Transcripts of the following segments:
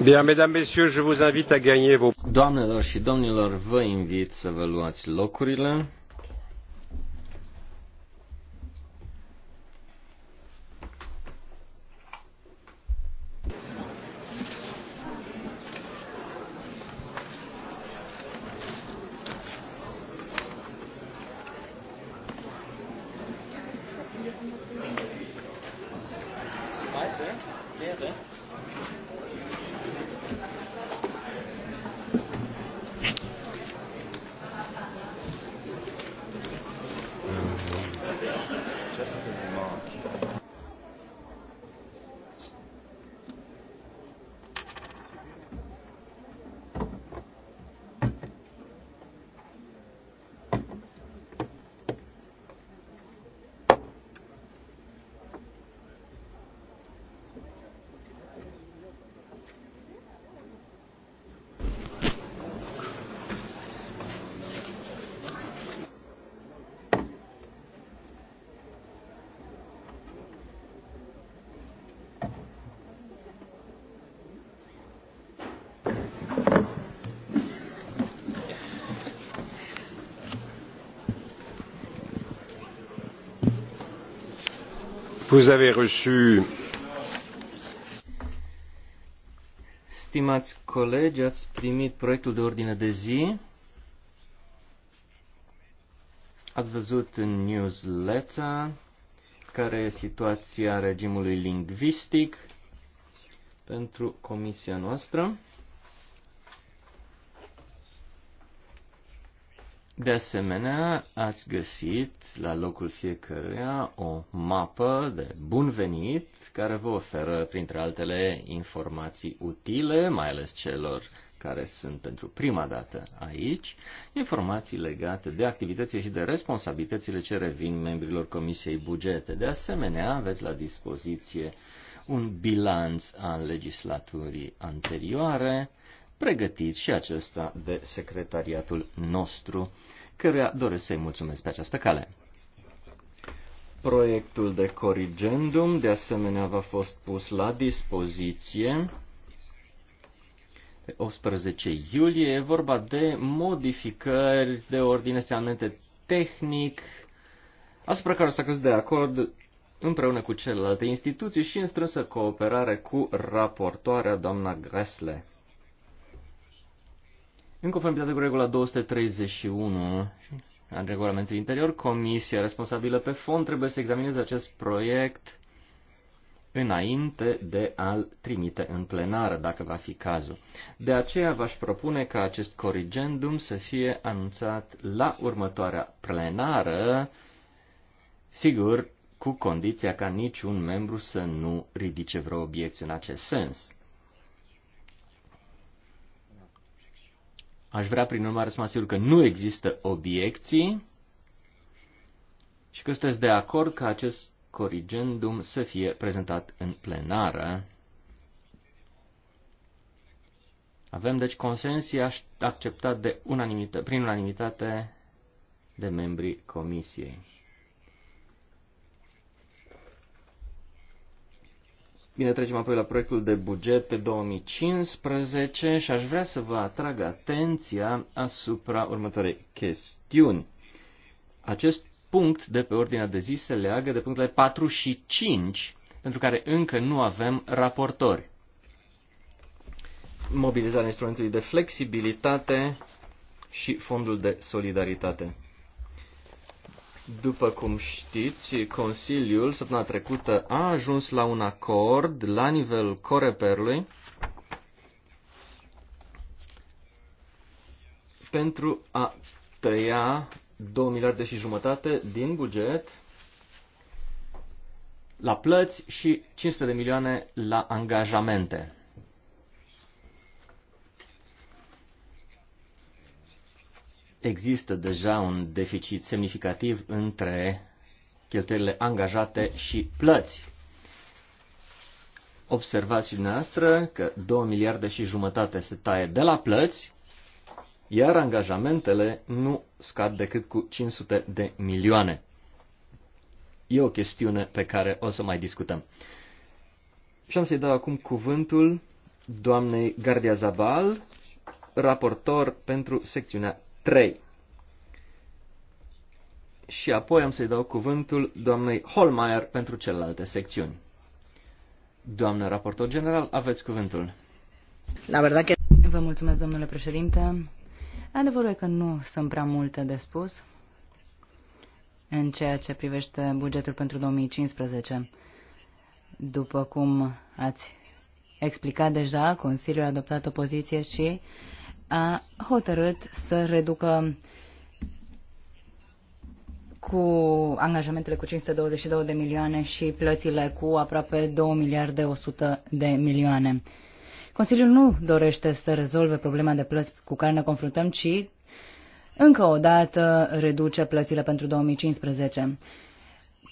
Bien, mesdames, messieurs, je vous invite à gagner vos... Doamnelor și domnilor, vă invit să vă luați locurile. Vous avez reçu... Stimați colegi, ați primit proiectul de ordine de zi. Ați văzut în newsletter care e situația regimului lingvistic pentru comisia noastră. De asemenea, ați găsit la locul fiecăruia o mapă de bun venit care vă oferă, printre altele, informații utile, mai ales celor care sunt pentru prima dată aici, informații legate de activitățile și de responsabilitățile ce revin membrilor Comisiei Bugete. De asemenea, aveți la dispoziție un bilanț al legislaturii anterioare, pregătit și acesta de secretariatul nostru, căruia doresc să-i mulțumesc pe această cale. Proiectul de corrigendum, de asemenea, va fost pus la dispoziție pe 18 iulie. E vorba de modificări de ordine seamnete tehnic, asupra care s-a căzut de acord împreună cu celelalte instituții și în strânsă cooperare cu raportoarea doamna Gresle. În conformitate cu regula 231 al regulamentului interior, comisia responsabilă pe fond trebuie să examineze acest proiect înainte de a-l trimite în plenară, dacă va fi cazul. De aceea v-aș propune ca acest corrigendum să fie anunțat la următoarea plenară, sigur, cu condiția ca niciun membru să nu ridice vreo obiecție în acest sens. Aș vrea, prin urmare, să mă asigur că nu există obiecții și că sunteți de acord că acest corigendum să fie prezentat în plenară. Avem, deci, consensii acceptat de unanimitate, prin unanimitate de membrii comisiei. Bine, trecem apoi la proiectul de buget pe 2015 și aș vrea să vă atrag atenția asupra următoarei chestiuni. Acest punct de pe ordinea de zi se leagă de punctele 4 și 5, pentru care încă nu avem raportori. Mobilizarea instrumentului de flexibilitate și fondul de solidaritate. După cum știți, Consiliul săptămâna trecută a ajuns la un acord la nivel Coreperului pentru a tăia 2 miliarde și jumătate din buget la plăți și 500 de milioane la angajamente. există deja un deficit semnificativ între cheltuielile angajate și plăți. Observați și dumneavoastră că 2 miliarde și jumătate se taie de la plăți, iar angajamentele nu scad decât cu 500 de milioane. E o chestiune pe care o să mai discutăm. Și am să-i dau acum cuvântul doamnei Gardia Zabal, raportor pentru secțiunea 3. Și apoi am să-i dau cuvântul doamnei Holmeier pentru celelalte secțiuni. Doamnă raportor general, aveți cuvântul. La verdad că... Vă mulțumesc, domnule președinte. Adevărul e că nu sunt prea multe de spus în ceea ce privește bugetul pentru 2015. După cum ați explicat deja, Consiliul a adoptat o poziție și a hotărât să reducă cu angajamentele cu 522 de milioane și plățile cu aproape 2 miliarde 100 de milioane. Consiliul nu dorește să rezolve problema de plăți cu care ne confruntăm, ci încă o dată reduce plățile pentru 2015.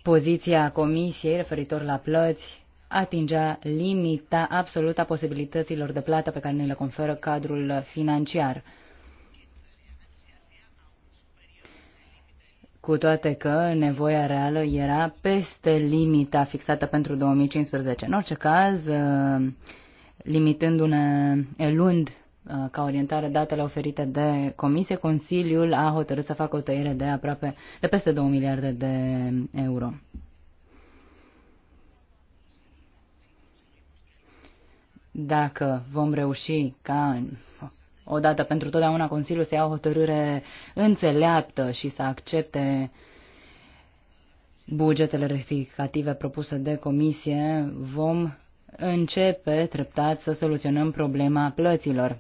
Poziția Comisiei referitor la plăți atingea limita absolută a posibilităților de plată pe care ne le conferă cadrul financiar. cu toate că nevoia reală era peste limita fixată pentru 2015. În orice caz, uh, limitându-ne luând uh, ca orientare datele oferite de comisie, Consiliul a hotărât să facă o tăiere de aproape de peste 2 miliarde de euro. dacă vom reuși ca în odată pentru totdeauna Consiliul să ia o hotărâre înțeleaptă și să accepte bugetele rectificative propuse de comisie, vom începe treptat să soluționăm problema plăților.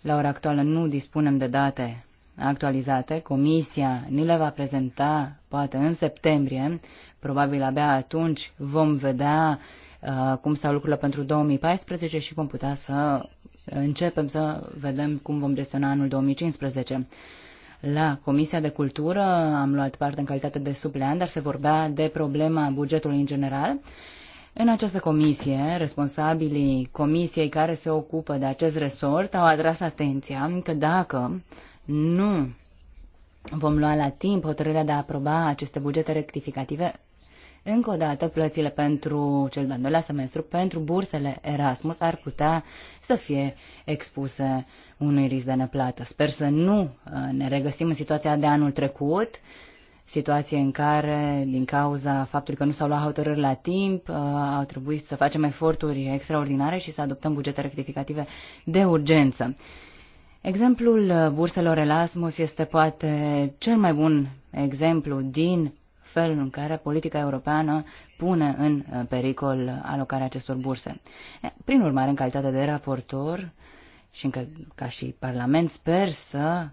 La ora actuală nu dispunem de date actualizate. Comisia ni le va prezenta poate în septembrie. Probabil abia atunci vom vedea uh, Uh, cum stau lucrurile pentru 2014 și vom putea să începem să vedem cum vom gestiona anul 2015. La Comisia de Cultură am luat parte în calitate de suplean, dar se vorbea de problema bugetului în general. În această comisie, responsabilii comisiei care se ocupă de acest resort au atras atenția că dacă nu vom lua la timp hotărârea de a aproba aceste bugete rectificative, încă o dată, plățile pentru cel de-al doilea semestru, pentru bursele Erasmus, ar putea să fie expuse unui risc de neplată. Sper să nu uh, ne regăsim în situația de anul trecut, situație în care, din cauza faptului că nu s-au luat hotărâri la timp, uh, au trebuit să facem eforturi extraordinare și să adoptăm bugete rectificative de urgență. Exemplul uh, burselor Erasmus este poate cel mai bun exemplu din felul în care politica europeană pune în uh, pericol alocarea acestor burse. Prin urmare, în calitate de raportor și încă ca și Parlament, sper să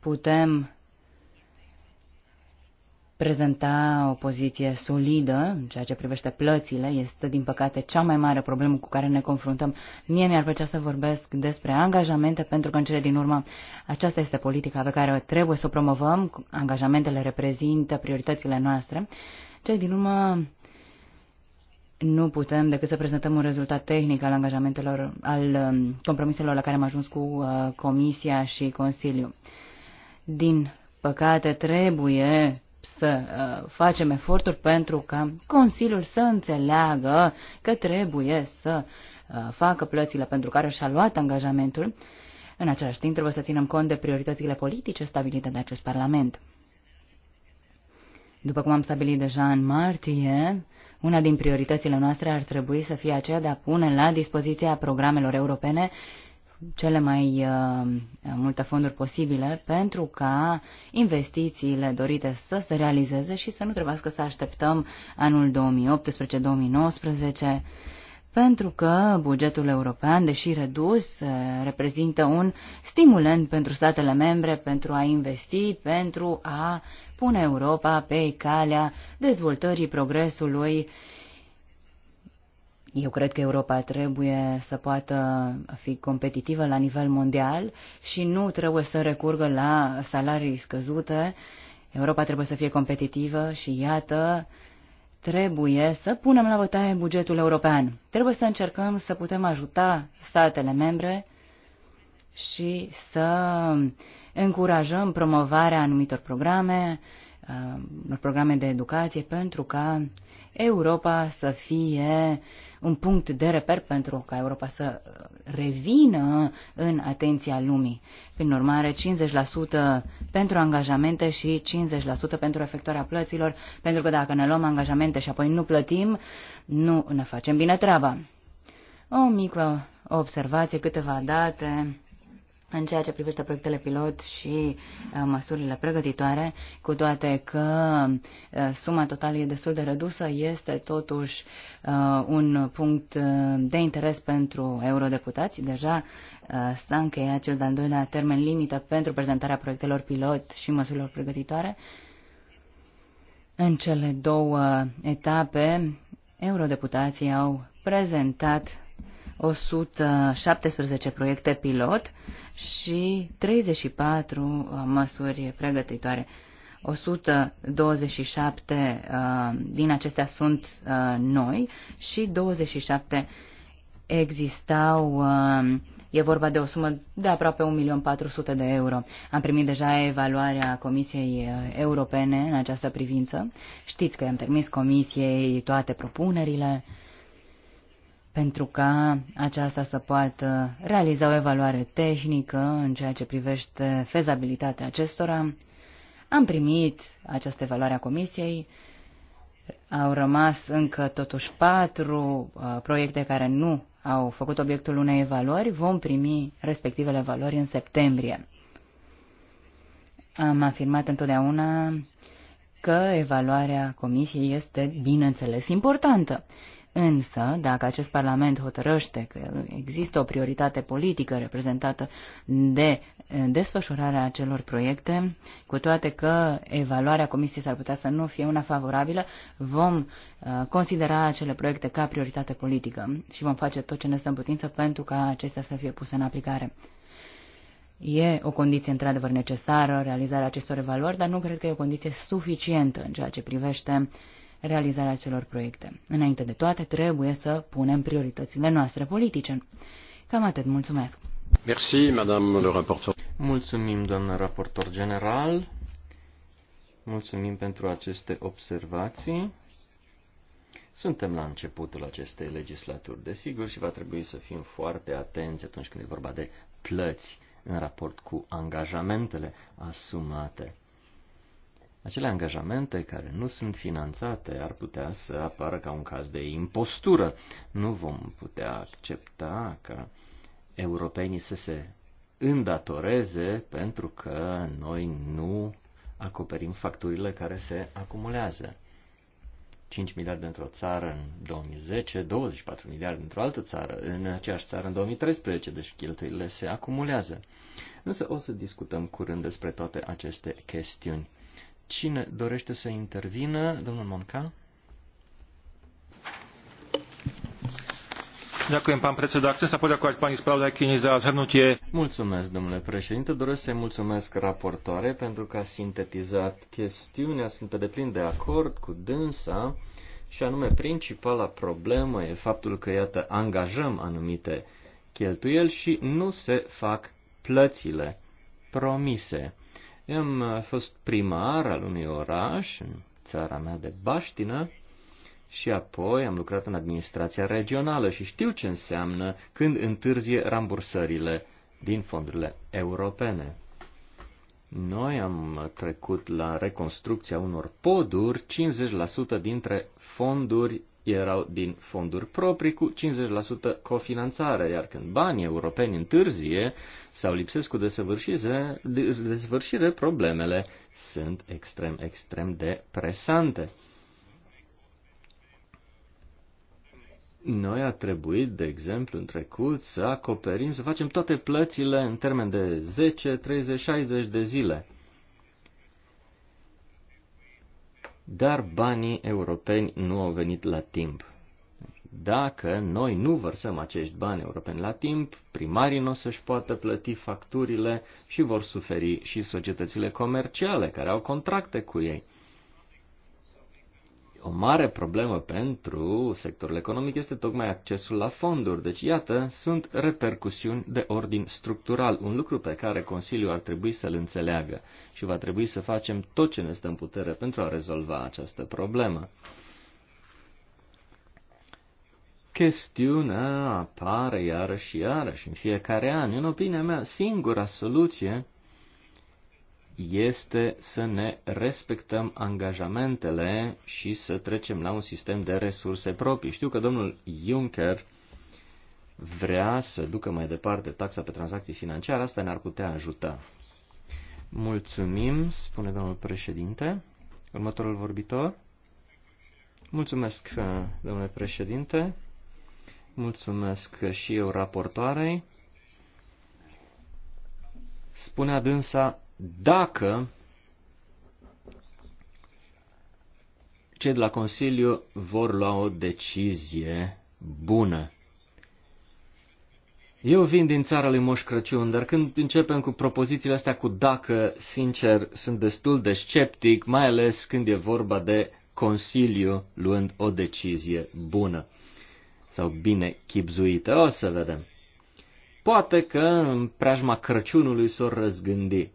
putem prezenta o poziție solidă în ceea ce privește plățile. Este, din păcate, cea mai mare problemă cu care ne confruntăm. Mie mi-ar plăcea să vorbesc despre angajamente, pentru că, în cele din urmă, aceasta este politica pe care trebuie să o promovăm. Angajamentele reprezintă prioritățile noastre. Cele din urmă, nu putem decât să prezentăm un rezultat tehnic al angajamentelor, al um, compromiselor la care am ajuns cu uh, Comisia și Consiliu. Din păcate, trebuie să uh, facem eforturi pentru ca Consiliul să înțeleagă că trebuie să uh, facă plățile pentru care și-a luat angajamentul. În același timp, trebuie să ținem cont de prioritățile politice stabilite de acest Parlament. După cum am stabilit deja în martie, una din prioritățile noastre ar trebui să fie aceea de a pune la dispoziția programelor europene cele mai uh, multe fonduri posibile pentru ca investițiile dorite să se realizeze și să nu trebuiască să așteptăm anul 2018-2019 pentru că bugetul european, deși redus, uh, reprezintă un stimulent pentru statele membre pentru a investi, pentru a pune Europa pe calea dezvoltării progresului uh, eu cred că Europa trebuie să poată fi competitivă la nivel mondial și nu trebuie să recurgă la salarii scăzute. Europa trebuie să fie competitivă și iată, trebuie să punem la bătaie bugetul european. Trebuie să încercăm să putem ajuta statele membre și să încurajăm promovarea anumitor programe, uh, programe de educație pentru ca Europa să fie un punct de reper pentru ca Europa să revină în atenția lumii. Prin urmare, 50% pentru angajamente și 50% pentru efectuarea plăților, pentru că dacă ne luăm angajamente și apoi nu plătim, nu ne facem bine treaba. O mică observație, câteva date în ceea ce privește proiectele pilot și uh, măsurile pregătitoare, cu toate că uh, suma totală e destul de redusă, este totuși uh, un punct uh, de interes pentru eurodeputați. Deja uh, s-a încheiat cel de-al doilea termen limită pentru prezentarea proiectelor pilot și măsurilor pregătitoare. În cele două etape, eurodeputații au prezentat 117 proiecte pilot și 34 uh, măsuri pregătitoare. 127 uh, din acestea sunt uh, noi și 27 existau, uh, e vorba de o sumă de aproape 1.400.000 de euro. Am primit deja evaluarea Comisiei uh, Europene în această privință. Știți că am trimis Comisiei toate propunerile. Uh, pentru ca aceasta să poată realiza o evaluare tehnică în ceea ce privește fezabilitatea acestora. Am primit această evaluare a comisiei. Au rămas încă totuși patru uh, proiecte care nu au făcut obiectul unei evaluări. Vom primi respectivele valori în septembrie. Am afirmat întotdeauna că evaluarea comisiei este, bineînțeles, importantă. Însă, dacă acest Parlament hotărăște că există o prioritate politică reprezentată de desfășurarea acelor proiecte, cu toate că evaluarea Comisiei s-ar putea să nu fie una favorabilă, vom considera acele proiecte ca prioritate politică și vom face tot ce ne stă în putință pentru ca acestea să fie puse în aplicare. E o condiție într-adevăr necesară realizarea acestor evaluări, dar nu cred că e o condiție suficientă în ceea ce privește uh, realizarea celor proiecte. Înainte de toate, trebuie să punem prioritățile noastre politice. Cam atât, mulțumesc. Merci, madame le rapporteur. Mulțumim, doamnă raportor general. Mulțumim pentru aceste observații. Suntem la începutul acestei legislaturi, desigur, și va trebui să fim foarte atenți atunci când e vorba de plăți în raport cu angajamentele asumate. Acele angajamente care nu sunt finanțate ar putea să apară ca un caz de impostură. Nu vom putea accepta ca europenii să se îndatoreze pentru că noi nu acoperim facturile care se acumulează. 5 miliarde într-o țară în 2010, 24 miliarde într-o altă țară, în aceeași țară în 2013, deci cheltuielile se acumulează. Însă o să discutăm curând despre toate aceste chestiuni. Cine dorește să intervină? Domnul Monca. Ďakujem, pán predseda. Chcem sa poďakovať pani spravodajkyni za zhrnutie. Mulțumesc, domnule președinte. Doresc să-i mulțumesc raportoare pentru că a sintetizat chestiunea. Sunt pe deplin de acord cu dânsa și anume principala problemă e faptul că, iată, angajăm anumite cheltuieli și nu se fac plățile promise. Eu am uh, fost primar al unui oraș, în țara mea de baștină, și apoi am lucrat în administrația regională și știu ce înseamnă când întârzie rambursările din fondurile europene. Noi am trecut la reconstrucția unor poduri, 50% dintre fonduri erau din fonduri proprii cu 50% cofinanțare, iar când banii europeni întârzie sau lipsesc cu desăvârșire, problemele sunt extrem, extrem de presante. Noi a trebuit, de exemplu, în trecut să acoperim, să facem toate plățile în termen de 10, 30, 60 de zile. dar banii europeni nu au venit la timp. Dacă noi nu vărsăm acești bani europeni la timp, primarii nu o să-și poată plăti facturile și vor suferi și societățile comerciale care au contracte cu ei. O mare problemă pentru sectorul economic este tocmai accesul la fonduri. Deci, iată, sunt repercusiuni de ordin structural, un lucru pe care Consiliul ar trebui să-l înțeleagă și va trebui să facem tot ce ne stă în putere pentru a rezolva această problemă. Chestiunea apare iarăși și iarăși în fiecare an. În opinia mea, singura soluție este să ne respectăm angajamentele și să trecem la un sistem de resurse proprii. Știu că domnul Juncker vrea să ducă mai departe taxa pe tranzacții financiare, asta ne-ar putea ajuta. Mulțumim, spune domnul președinte. Următorul vorbitor. Mulțumesc, uh, domnule președinte. Mulțumesc și eu raportoarei. Spunea dânsa dacă cei de la Consiliu vor lua o decizie bună. Eu vin din țara lui Moș Crăciun, dar când începem cu propozițiile astea cu dacă, sincer, sunt destul de sceptic, mai ales când e vorba de Consiliu luând o decizie bună sau bine chipzuită. O să vedem. Poate că în preajma Crăciunului s-o răzgândi.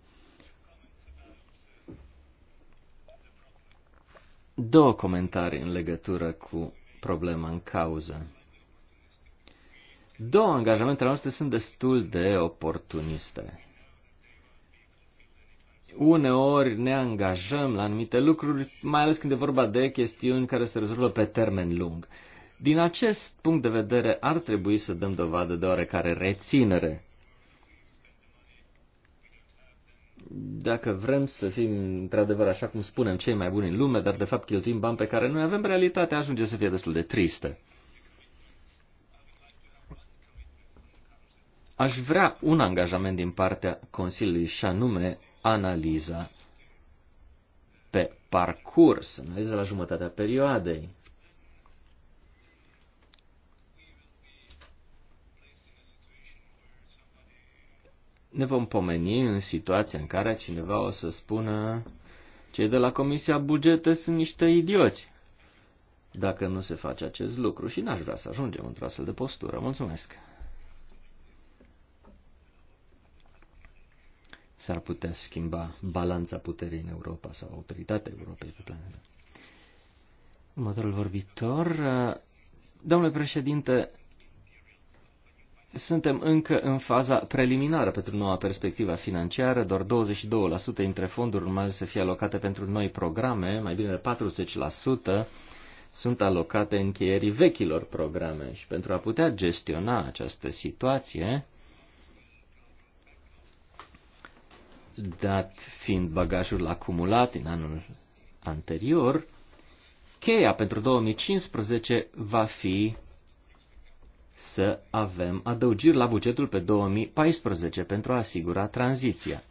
două comentarii în legătură cu problema în cauză. Două angajamentele noastre sunt destul de oportuniste. Uneori ne angajăm la anumite lucruri, mai ales când e vorba de chestiuni care se rezolvă pe termen lung. Din acest punct de vedere, ar trebui să dăm dovadă de oarecare reținere. dacă vrem să fim, într-adevăr, așa cum spunem, cei mai buni în lume, dar de fapt cheltuim bani pe care noi avem, realitatea ajunge să fie destul de tristă. Aș vrea un angajament din partea Consiliului și anume analiza pe parcurs, analiza la jumătatea perioadei. ne vom pomeni în situația în care cineva o să spună cei de la Comisia bugetă sunt niște idioți dacă nu se face acest lucru și n-aș vrea să ajungem într-o astfel de postură. Mulțumesc! S-ar putea schimba balanța puterii în Europa sau autoritatea Europei pe planetă. Următorul vorbitor. Domnule președinte, suntem încă în faza preliminară pentru noua perspectivă financiară, doar 22% dintre fonduri urmează să fie alocate pentru noi programe, mai bine de 40% sunt alocate încheierii vechilor programe și pentru a putea gestiona această situație, dat fiind bagajul acumulat în anul anterior, cheia pentru 2015 va fi să avem adăugiri la bugetul pe 2014 pentru a asigura tranziția.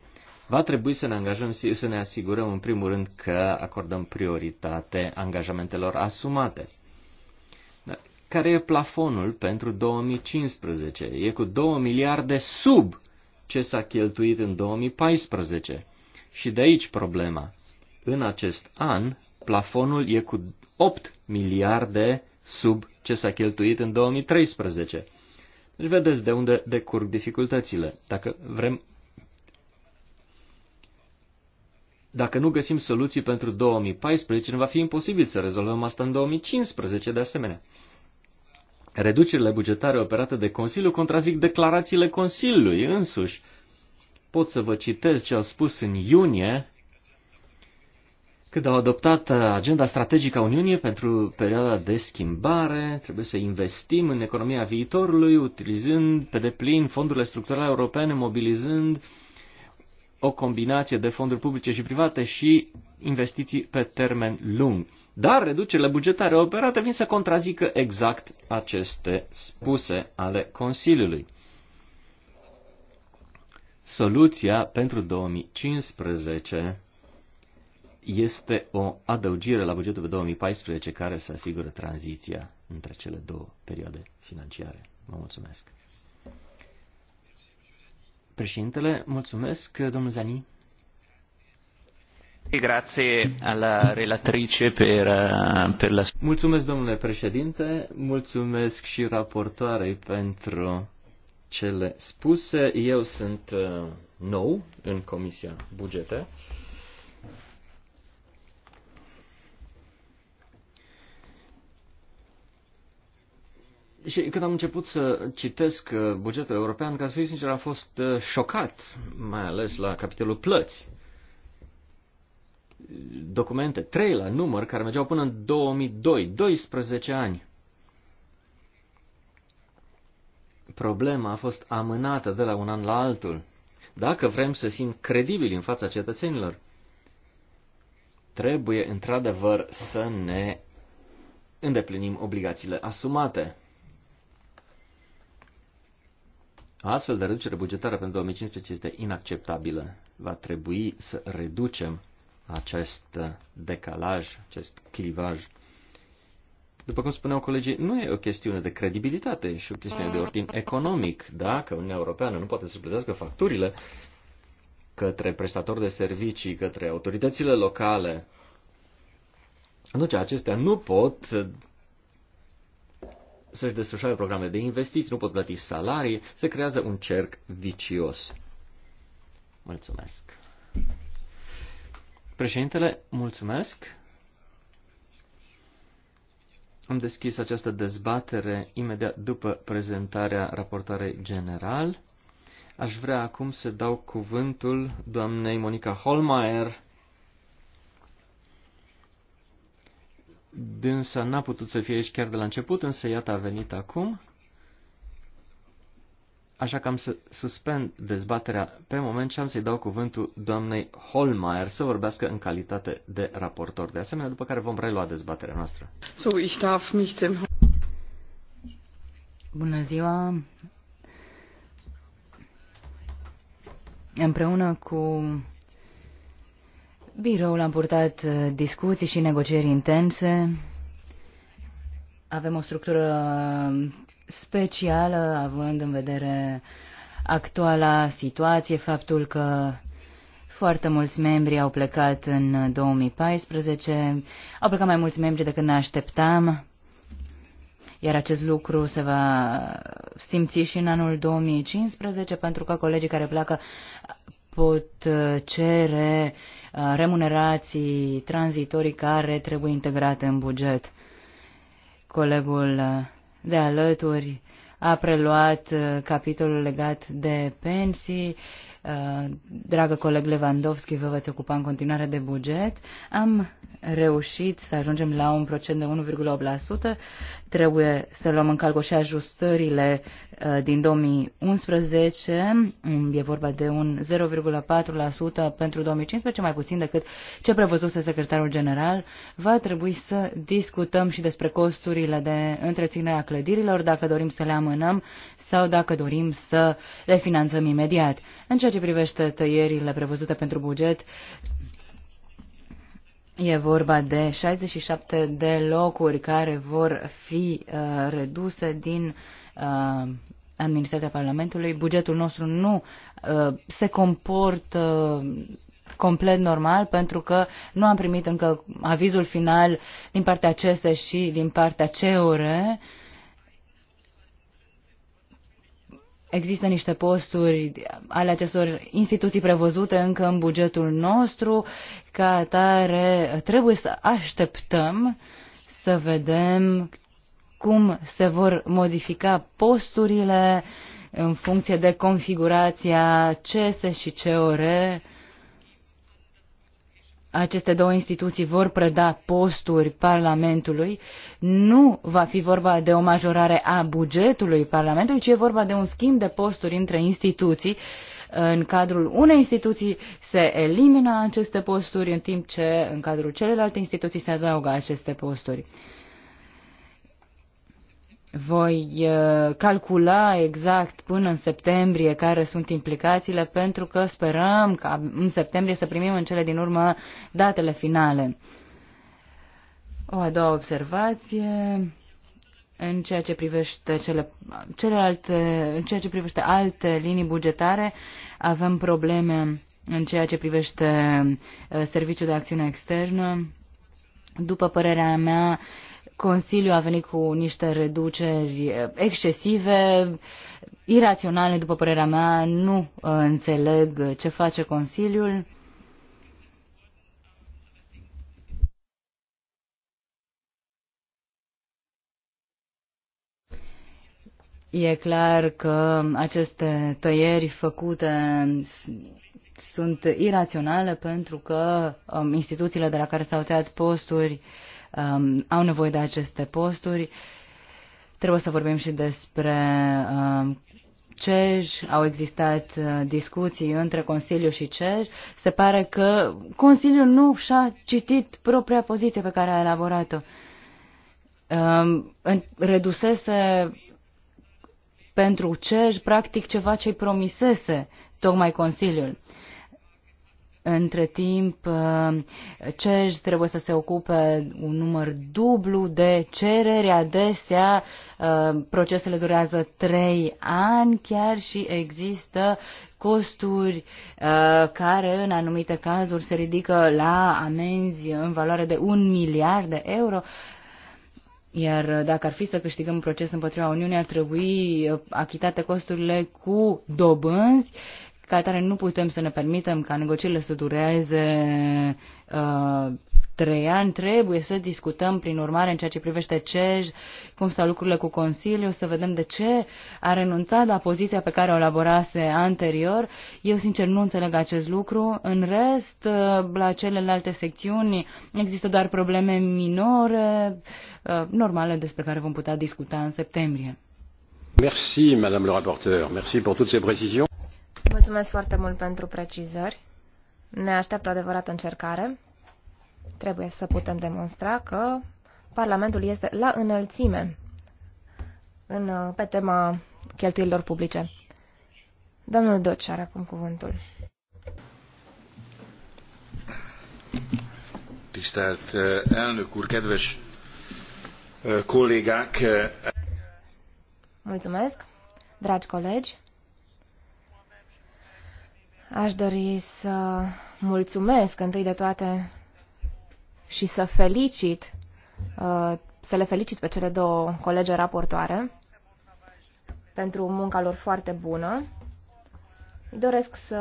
Va trebui să ne, angajăm, să ne asigurăm în primul rând că acordăm prioritate angajamentelor asumate. Da, care e plafonul pentru 2015? E cu 2 miliarde sub ce s-a cheltuit în 2014. Și de aici problema. În acest an, plafonul e cu 8 miliarde sub ce s-a cheltuit în 2013. Deci vedeți de unde decurg dificultățile. Dacă vrem Dacă nu găsim soluții pentru 2014, nu va fi imposibil să rezolvăm asta în 2015 de asemenea. Reducerile bugetare operate de Consiliu contrazic declarațiile Consiliului însuși. Pot să vă citez ce au spus în iunie când au adoptat uh, agenda strategică a Uniunii pentru perioada de schimbare, trebuie să investim în economia viitorului, utilizând pe deplin fondurile structurale europene, mobilizând o combinație de fonduri publice și private și investiții pe termen lung. Dar reducerile bugetare operate vin să contrazică exact aceste spuse ale Consiliului. Soluția pentru 2015 este o adăugire la bugetul pe 2014 care să asigură tranziția între cele două perioade financiare. Vă mulțumesc. Președintele, mulțumesc, domnul Zani. Grazie alla relatrice per, per la... Mulțumesc, domnule președinte, mulțumesc și raportoarei pentru cele spuse. Eu sunt uh, nou în Comisia Bugete Și când am început să citesc uh, bugetul european, ca să fiu sincer, am fost uh, șocat, mai ales la capitolul plăți. Documente, trei la număr, care mergeau până în 2002, 12 ani. Problema a fost amânată de la un an la altul. Dacă vrem să simt credibili în fața cetățenilor, trebuie într-adevăr să ne îndeplinim obligațiile asumate. Astfel de reducere bugetară pentru 2015 este inacceptabilă. Va trebui să reducem acest decalaj, acest clivaj. După cum spuneau colegii, nu e o chestiune de credibilitate și o chestiune de ordin economic. Dacă Uniunea Europeană nu poate să plătească facturile către prestatori de servicii, către autoritățile locale, atunci acestea nu pot să-și desfășoare programe de investiții, nu pot plăti salarii, se creează un cerc vicios. Mulțumesc. Președintele, mulțumesc. Am deschis această dezbatere imediat după prezentarea raportarei general. Aș vrea acum să dau cuvântul doamnei Monica Holmeier, Dânsa n-a putut să fie aici chiar de la început, însă iată a venit acum. Așa că am să suspend dezbaterea pe moment și am să-i dau cuvântul doamnei Holmeier să vorbească în calitate de raportor. De asemenea, după care vom relua dezbaterea noastră. So, ich darf mich dem... Bună ziua! Împreună cu Biroul a purtat uh, discuții și negocieri intense. Avem o structură um, specială, având în vedere actuala situație, faptul că foarte mulți membri au plecat în 2014, uh, au plecat mai mulți membri decât ne așteptam, iar acest lucru se va uh, simți și în anul 2015, pentru că colegii care pleacă pot uh, cere uh, remunerații tranzitorii care trebuie integrate în buget. Colegul uh, de alături a preluat capitolul legat de pensii Uh, dragă coleg Lewandowski, vă veți ocupa în continuare de buget. Am reușit să ajungem la un procent de 1,8%. Trebuie să luăm în calcul și ajustările uh, din 2011. Mm, e vorba de un 0,4% pentru 2015, mai puțin decât ce prevăzuse secretarul general. Va trebui să discutăm și despre costurile de întreținere a clădirilor, dacă dorim să le amânăm sau dacă dorim să le finanțăm imediat. În ceea ce ce privește tăierile prevăzute pentru buget, e vorba de 67 de locuri care vor fi uh, reduse din uh, administrația Parlamentului. Bugetul nostru nu uh, se comportă uh, complet normal pentru că nu am primit încă avizul final din partea CESE și din partea CEURE. Uh, Există niște posturi ale acestor instituții prevăzute încă în bugetul nostru, ca atare trebuie să așteptăm să vedem cum se vor modifica posturile în funcție de configurația CS și COR aceste două instituții vor preda posturi Parlamentului, nu va fi vorba de o majorare a bugetului Parlamentului, ci e vorba de un schimb de posturi între instituții. În cadrul unei instituții se elimină aceste posturi, în timp ce în cadrul celelalte instituții se adaugă aceste posturi. Voi calcula exact până în septembrie care sunt implicațiile, pentru că sperăm ca în septembrie să primim în cele din urmă datele finale. O a doua observație în ceea ce privește cele, celelalte, în ceea ce privește alte linii bugetare, avem probleme în ceea ce privește serviciul de acțiune externă. După părerea mea, Consiliul a venit cu niște reduceri eh, excesive, iraționale, după părerea mea, nu eh, înțeleg eh, ce face Consiliul. E clar că aceste tăieri făcute sunt iraționale pentru că instituțiile de la care s-au tăiat posturi uh, um, au nevoie de aceste posturi. Trebuie să vorbim și despre um, CEJ, au existat uh, discuții între Consiliu și CEJ. Se pare că Consiliul nu și-a citit propria poziție pe care a elaborat-o. Um, în, redusese pentru CEJ practic ceva ce-i promisese tocmai Consiliul. Uh, între timp, uh, CEJ trebuie să se ocupe un număr dublu de cereri. Adesea, uh, procesele durează trei ani chiar și există costuri uh, care, în anumite cazuri, se ridică la amenzi în valoare de un miliard de euro. Iar dacă ar fi să câștigăm un proces împotriva Uniunii, ar trebui achitate costurile cu dobânzi. Ca atare nu putem să ne permitem ca negocierile să dureze uh, trei ani. Trebuie să discutăm, prin urmare, în ceea ce privește CEJ, cum stau lucrurile cu Consiliul, să vedem de ce a renunțat la poziția pe care o elaborase anterior. Eu, sincer, nu înțeleg acest lucru. În rest, uh, la celelalte secțiuni există doar probleme minore, uh, normale, despre care vom putea discuta în septembrie. Merci, Madame le rapporteur. Merci pour toutes ces précisions. Mulțumesc foarte mult pentru precizări. Ne așteaptă adevărată încercare. Trebuie să putem demonstra că Parlamentul este la înălțime în, pe tema cheltuielilor publice. Domnul Doci are acum cuvântul. Tisztelt eh, elnök úr, kedves eh, kollégák! Eh, Mulțumesc, dragi colegi! Aș dori să mulțumesc întâi de toate și să felicit, uh, să le felicit pe cele două colege raportoare pentru munca lor foarte bună. Doresc să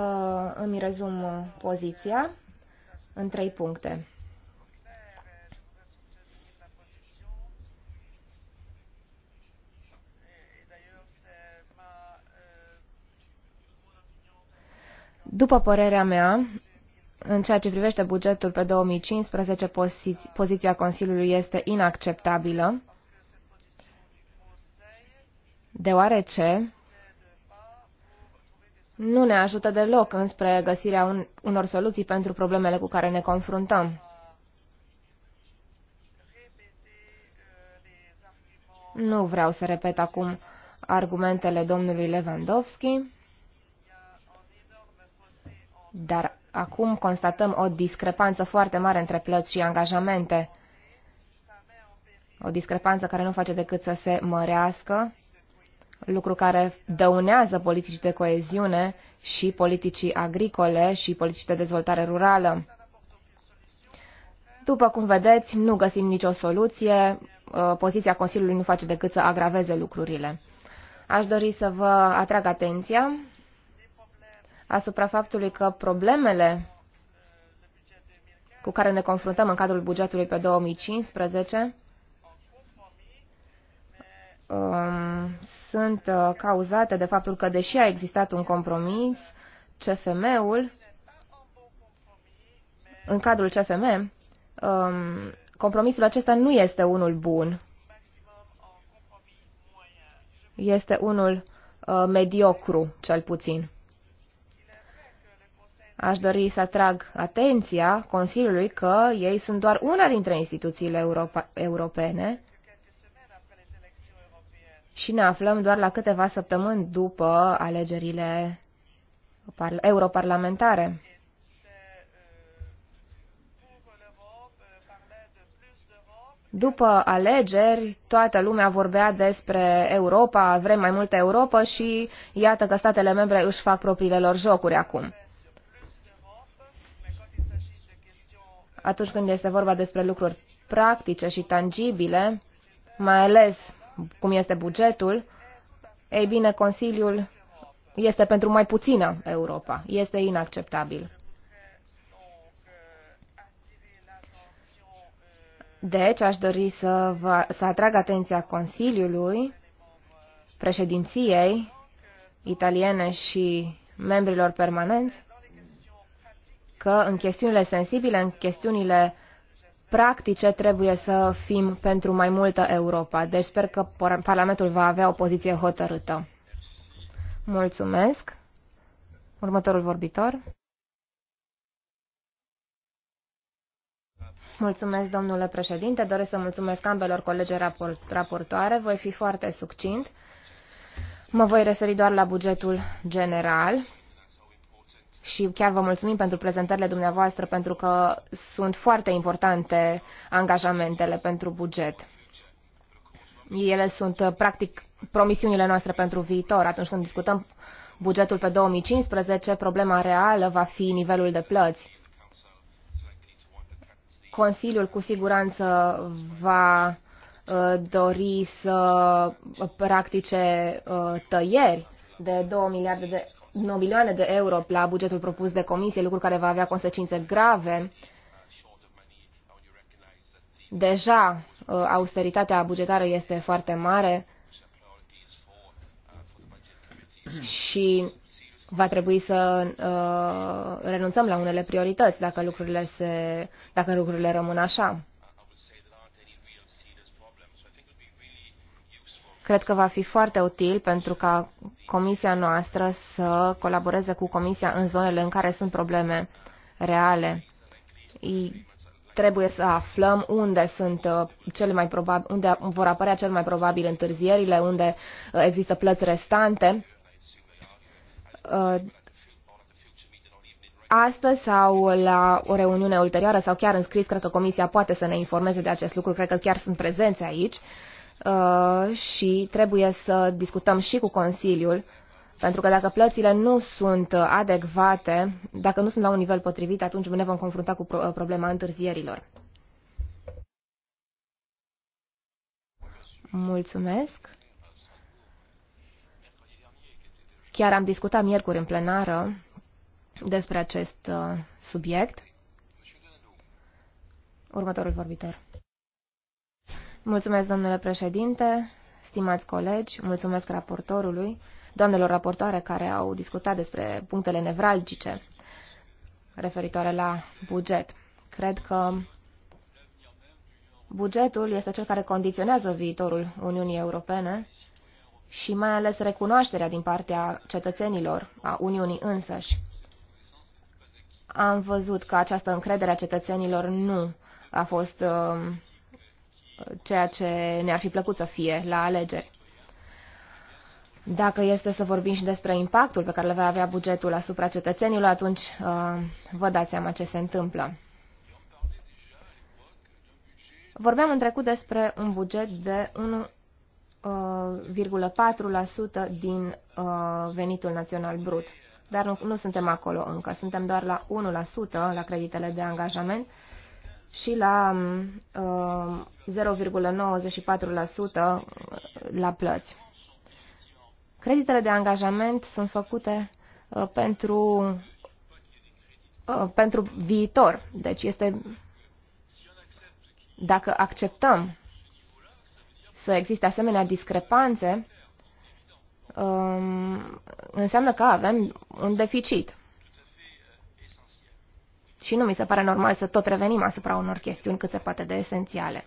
îmi rezum poziția în trei puncte. După părerea mea, în ceea ce privește bugetul pe 2015, poziț- poziția Consiliului este inacceptabilă, deoarece nu ne ajută deloc înspre găsirea un, unor soluții pentru problemele cu care ne confruntăm. Nu vreau să repet acum argumentele domnului Lewandowski. Dar acum constatăm o discrepanță foarte mare între plăți și angajamente. O discrepanță care nu face decât să se mărească, lucru care dăunează politicii de coeziune și politicii agricole și politicii de dezvoltare rurală. După cum vedeți, nu găsim nicio soluție, uh, poziția Consiliului nu face decât să agraveze lucrurile. Aș dori să vă atrag atenția asupra faptului că problemele cu care ne confruntăm în cadrul bugetului pe 2015 um, sunt uh, cauzate de faptul că, deși a existat un compromis, CFM-ul, în cadrul CFM, um, compromisul acesta nu este unul bun. Este unul uh, mediocru, cel puțin. Aș dori să atrag atenția Consiliului că ei sunt doar una dintre instituțiile Europa, europene și ne aflăm doar la câteva săptămâni după alegerile europarlamentare. După alegeri, toată lumea vorbea despre Europa, vrem mai multă Europa și iată că statele membre își fac propriile lor jocuri acum. atunci când este vorba despre lucruri practice și tangibile, mai ales cum este bugetul, ei bine, Consiliul este pentru mai puțină Europa. Este inacceptabil. Deci, aș dori să, vă, să atrag atenția Consiliului, președinției italiene și membrilor permanenți că în chestiunile sensibile, în chestiunile practice, trebuie să fim pentru mai multă Europa. Deci sper că Parlamentul va avea o poziție hotărâtă. Mulțumesc. Următorul vorbitor. Mulțumesc, domnule președinte. Doresc să mulțumesc ambelor colegi raportoare. Voi fi foarte succint. Mă voi referi doar la bugetul general și chiar vă mulțumim pentru prezentările dumneavoastră, pentru că sunt foarte importante angajamentele pentru buget. Ele sunt, uh, practic, promisiunile noastre pentru viitor. Atunci când discutăm bugetul pe 2015, problema reală va fi nivelul de plăți. Consiliul cu siguranță va uh, dori să practice uh, tăieri de 2 miliarde de 9 milioane de euro la bugetul propus de comisie, lucru care va avea consecințe grave. Deja uh, austeritatea bugetară este foarte mare și va trebui să uh, renunțăm la unele priorități dacă lucrurile, se, dacă lucrurile rămân așa. Cred că va fi foarte util pentru ca comisia noastră să colaboreze cu comisia în zonele în care sunt probleme reale. Trebuie să aflăm unde sunt uh, cele mai probab- unde vor apărea cel mai probabil întârzierile, unde uh, există plăți restante. Uh, astăzi sau la o reuniune ulterioară sau chiar înscris, cred că comisia poate să ne informeze de acest lucru, cred că chiar sunt prezenți aici. Uh, Uh, și trebuie să discutăm și cu Consiliul, pentru că dacă plățile nu sunt adecvate, dacă nu sunt la un nivel potrivit, atunci ne vom confrunta cu problema întârzierilor. Mulțumesc. Chiar am discutat miercuri în plenară despre acest uh, subiect. Următorul vorbitor. Mulțumesc, domnule președinte, stimați colegi, mulțumesc raportorului, doamnelor raportoare care au discutat despre punctele nevralgice referitoare la buget. Cred că bugetul este cel care condiționează viitorul Uniunii Europene și mai ales recunoașterea din partea cetățenilor a Uniunii însăși. Am văzut că această încredere a cetățenilor nu a fost uh, ceea ce ne-ar fi plăcut să fie la alegeri. Dacă este să vorbim și despre impactul pe care le va avea bugetul asupra cetățenilor, atunci uh, vă dați seama ce se întâmplă. Vorbeam în trecut despre un buget de 1,4% uh, din uh, venitul național brut. Dar nu, nu suntem acolo încă, suntem doar la 1% la creditele de angajament și la uh, um, 0,94% la plăți. Creditele de angajament sunt făcute uh, pentru, uh, pentru viitor. Deci este dacă acceptăm să existe asemenea discrepanțe, um, înseamnă că avem un deficit. Și nu mi se pare normal să tot revenim asupra unor chestiuni cât se poate de esențiale.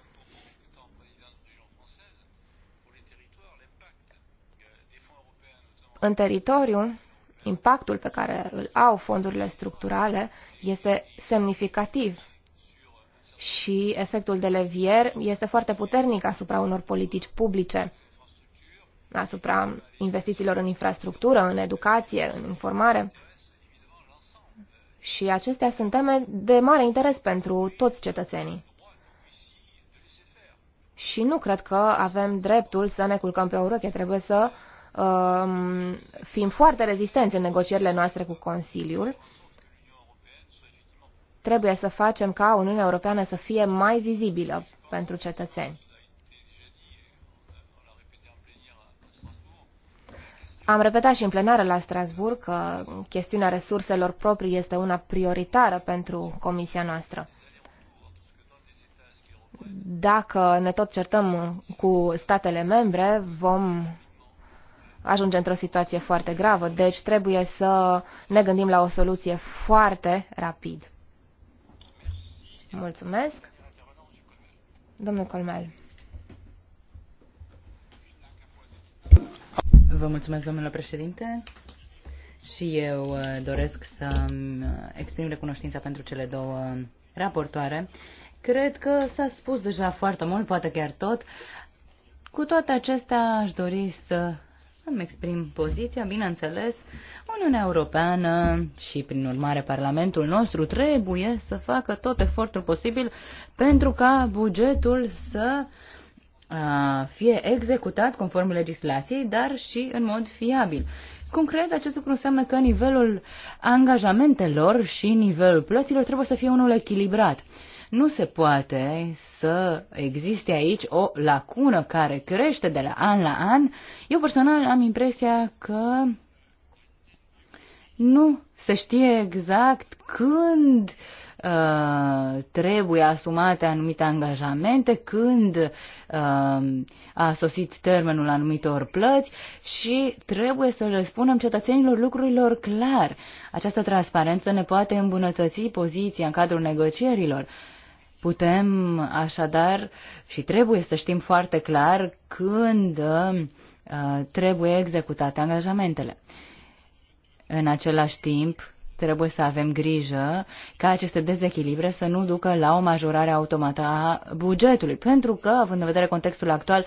În teritoriu, impactul pe care îl au fondurile structurale este semnificativ și efectul de levier este foarte puternic asupra unor politici publice, asupra investițiilor în infrastructură, în educație, în informare. Și acestea sunt teme de mare interes pentru toți cetățenii. Și nu cred că avem dreptul să ne culcăm pe ureche. Trebuie să um, fim foarte rezistenți în negocierile noastre cu Consiliul. Trebuie să facem ca Uniunea Europeană să fie mai vizibilă pentru cetățeni. Am repetat și în plenară la Strasburg că chestiunea resurselor proprii este una prioritară pentru comisia noastră. Dacă ne tot certăm cu statele membre, vom ajunge într-o situație foarte gravă, deci trebuie să ne gândim la o soluție foarte rapid. Mulțumesc. Domnul Colmel. Vă mulțumesc, domnule președinte. Și eu uh, doresc să uh, exprim recunoștința pentru cele două raportoare. Cred că s-a spus deja foarte mult, poate chiar tot. Cu toate acestea, aș dori să îmi exprim poziția, bineînțeles, Uniunea Europeană și, prin urmare, Parlamentul nostru trebuie să facă tot efortul posibil pentru ca bugetul să uh, Uh, fie executat conform legislației, dar și în mod fiabil. Concret, acest lucru înseamnă că nivelul angajamentelor și nivelul plăților trebuie să fie unul echilibrat. Nu se poate să existe aici o lacună care crește de la an la an. Eu personal am impresia că nu se știe exact când uh, uh, trebuie asumate anumite angajamente, când uh, a sosit termenul anumitor plăți și trebuie să le spunem cetățenilor lucrurilor clar. Această transparență ne poate îmbunătăți poziția în cadrul negocierilor. Putem așadar și trebuie să știm foarte clar când uh, trebuie executate angajamentele. În același timp, trebuie să avem grijă ca aceste dezechilibre să nu ducă la o majorare automată a bugetului, pentru că, având în vedere contextul actual,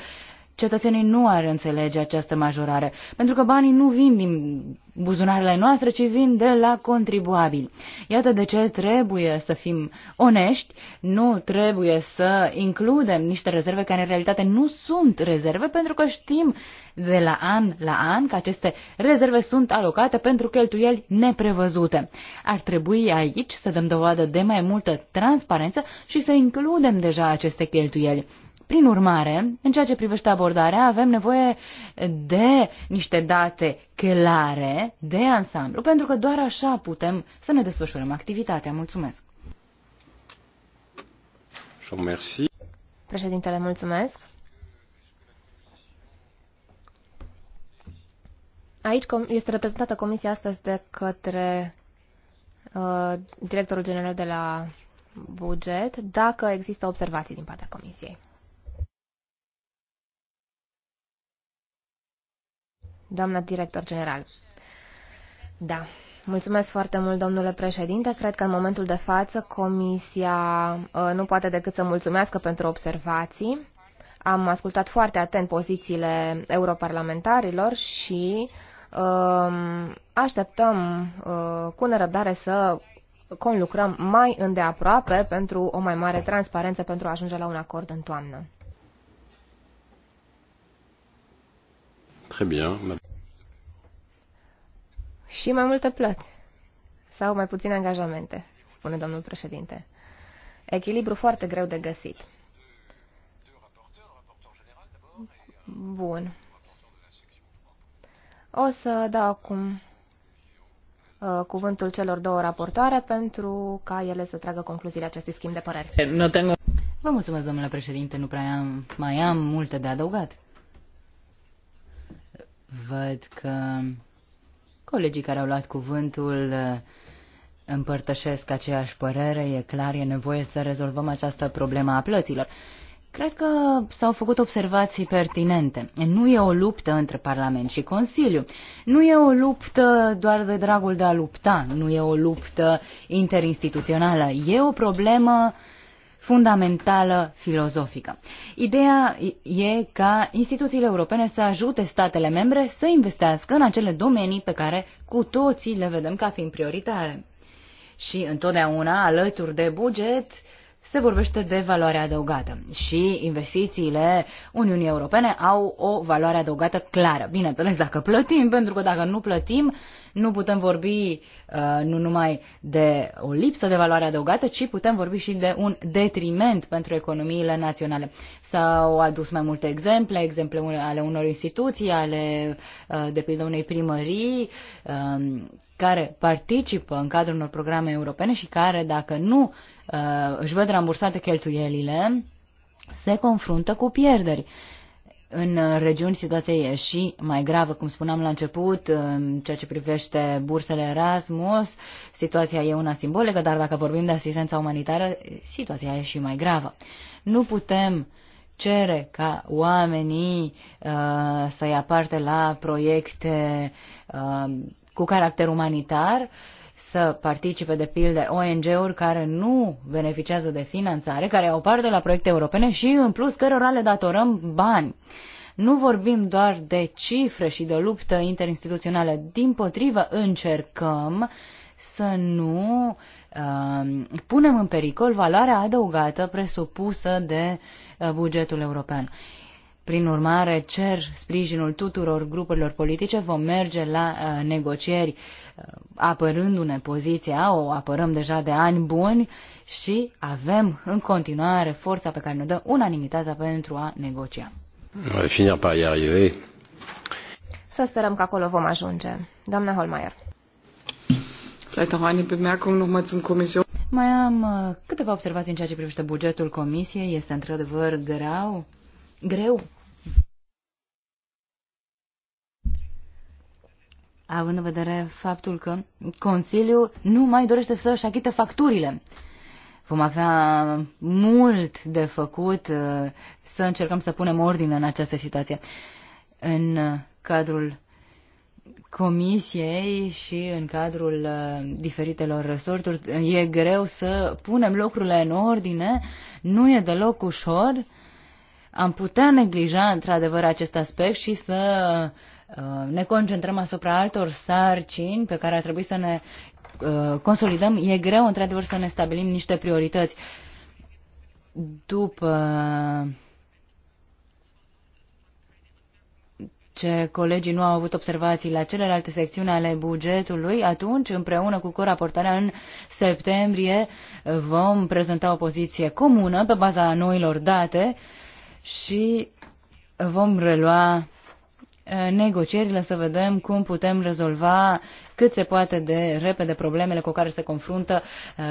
cetățenii nu ar înțelege această majorare, pentru că banii nu vin din buzunarele noastre, ci vin de la contribuabili. Iată de ce trebuie să fim onești, nu trebuie să includem niște rezerve care în realitate nu sunt rezerve, pentru că știm de la an la an că aceste rezerve sunt alocate pentru cheltuieli neprevăzute. Ar trebui aici să dăm dovadă de mai multă transparență și să includem deja aceste cheltuieli. Prin urmare, în ceea ce privește abordarea, avem nevoie de niște date clare de ansamblu, pentru că doar așa putem să ne desfășurăm activitatea. Mulțumesc! Merci. Președintele, mulțumesc! Aici este reprezentată comisia astăzi de către uh, directorul general de la buget, dacă există observații din partea comisiei. doamna director general. Da. Mulțumesc foarte mult, domnule președinte. Cred că în momentul de față Comisia uh, nu poate decât să mulțumească pentru observații. Am ascultat foarte atent pozițiile europarlamentarilor și um, așteptăm uh, cu nerăbdare să conlucrăm mai îndeaproape pentru o mai mare transparență pentru a ajunge la un acord în toamnă. Très bien. Și mai multe plăți. Sau mai puține angajamente, spune domnul președinte. Echilibru foarte greu de găsit. Bun. O să dau acum uh, cuvântul celor două raportoare pentru ca ele să tragă concluziile acestui schimb de păreri. Vă mulțumesc, domnule președinte, nu prea am, mai am multe de adăugat. Văd că colegii care au luat cuvântul uh, împărtășesc aceeași părere. E clar, e nevoie să rezolvăm această problemă a plăților. Cred că s-au făcut observații pertinente. Nu e o luptă între Parlament și Consiliu. Nu e o luptă doar de dragul de a lupta. Nu e o luptă interinstituțională. E o problemă uh, fundamentală filozofică. Ideea e ca instituțiile europene să ajute statele membre să investească în acele domenii pe care cu toții le vedem ca fiind prioritare. Și întotdeauna, alături de buget, uh, se vorbește de valoare adăugată și investițiile Uniunii Europene au o valoare adăugată clară. Bineînțeles, dacă plătim, pentru că dacă nu plătim, nu putem vorbi uh, nu numai de o lipsă de valoare adăugată, ci putem vorbi și de un detriment pentru economiile naționale. S-au adus mai multe exemple, exemple ale unor instituții, ale, uh, de pildă, unei primării, uh, care participă în cadrul unor programe europene și care, dacă nu Uh, își văd rambursate cheltuielile, se confruntă cu pierderi. În regiuni situația e și mai gravă, cum spuneam la început, în ceea ce privește bursele Erasmus, situația e una simbolică, dar dacă vorbim de asistența umanitară, situația e și mai gravă. Nu putem cere ca oamenii uh, să ia parte la proiecte uh, cu caracter umanitar uh, să participe de pilde ONG-uri care nu beneficiază de finanțare, care au parte la proiecte europene și în plus cărora le datorăm bani. Nu vorbim doar de cifre și de luptă interinstituțională, din potrivă încercăm să nu uh, punem în pericol valoarea adăugată presupusă de uh, bugetul european. Prin urmare, cer sprijinul tuturor grupurilor politice, vom merge la uh, negocieri uh, apărându-ne poziția, o apărăm deja de ani buni și avem în continuare forța pe care ne dă unanimitatea pentru a negocia. Să sperăm că acolo vom ajunge. Doamna Holmeier. Mai am uh, câteva observații în ceea ce privește bugetul Comisiei. Este într-adevăr greu greu. Având în vedere faptul că Consiliul nu mai dorește să-și achite facturile vom avea mult de făcut uh, să încercăm să punem ordine în această situație. În cadrul comisiei și în cadrul uh, diferitelor resorturi e greu să punem lucrurile în ordine, nu e deloc ușor am putea neglija într-adevăr acest aspect și să uh, ne concentrăm asupra altor sarcini pe care ar trebui să ne uh, consolidăm. E greu, într-adevăr, să ne stabilim niște priorități. După ce colegii nu au avut observații la celelalte secțiuni ale bugetului, atunci, împreună cu coraportarea în septembrie, vom prezenta o poziție comună pe baza noilor date și vom relua negocierile să vedem cum putem rezolva cât se poate de repede problemele cu care se confruntă,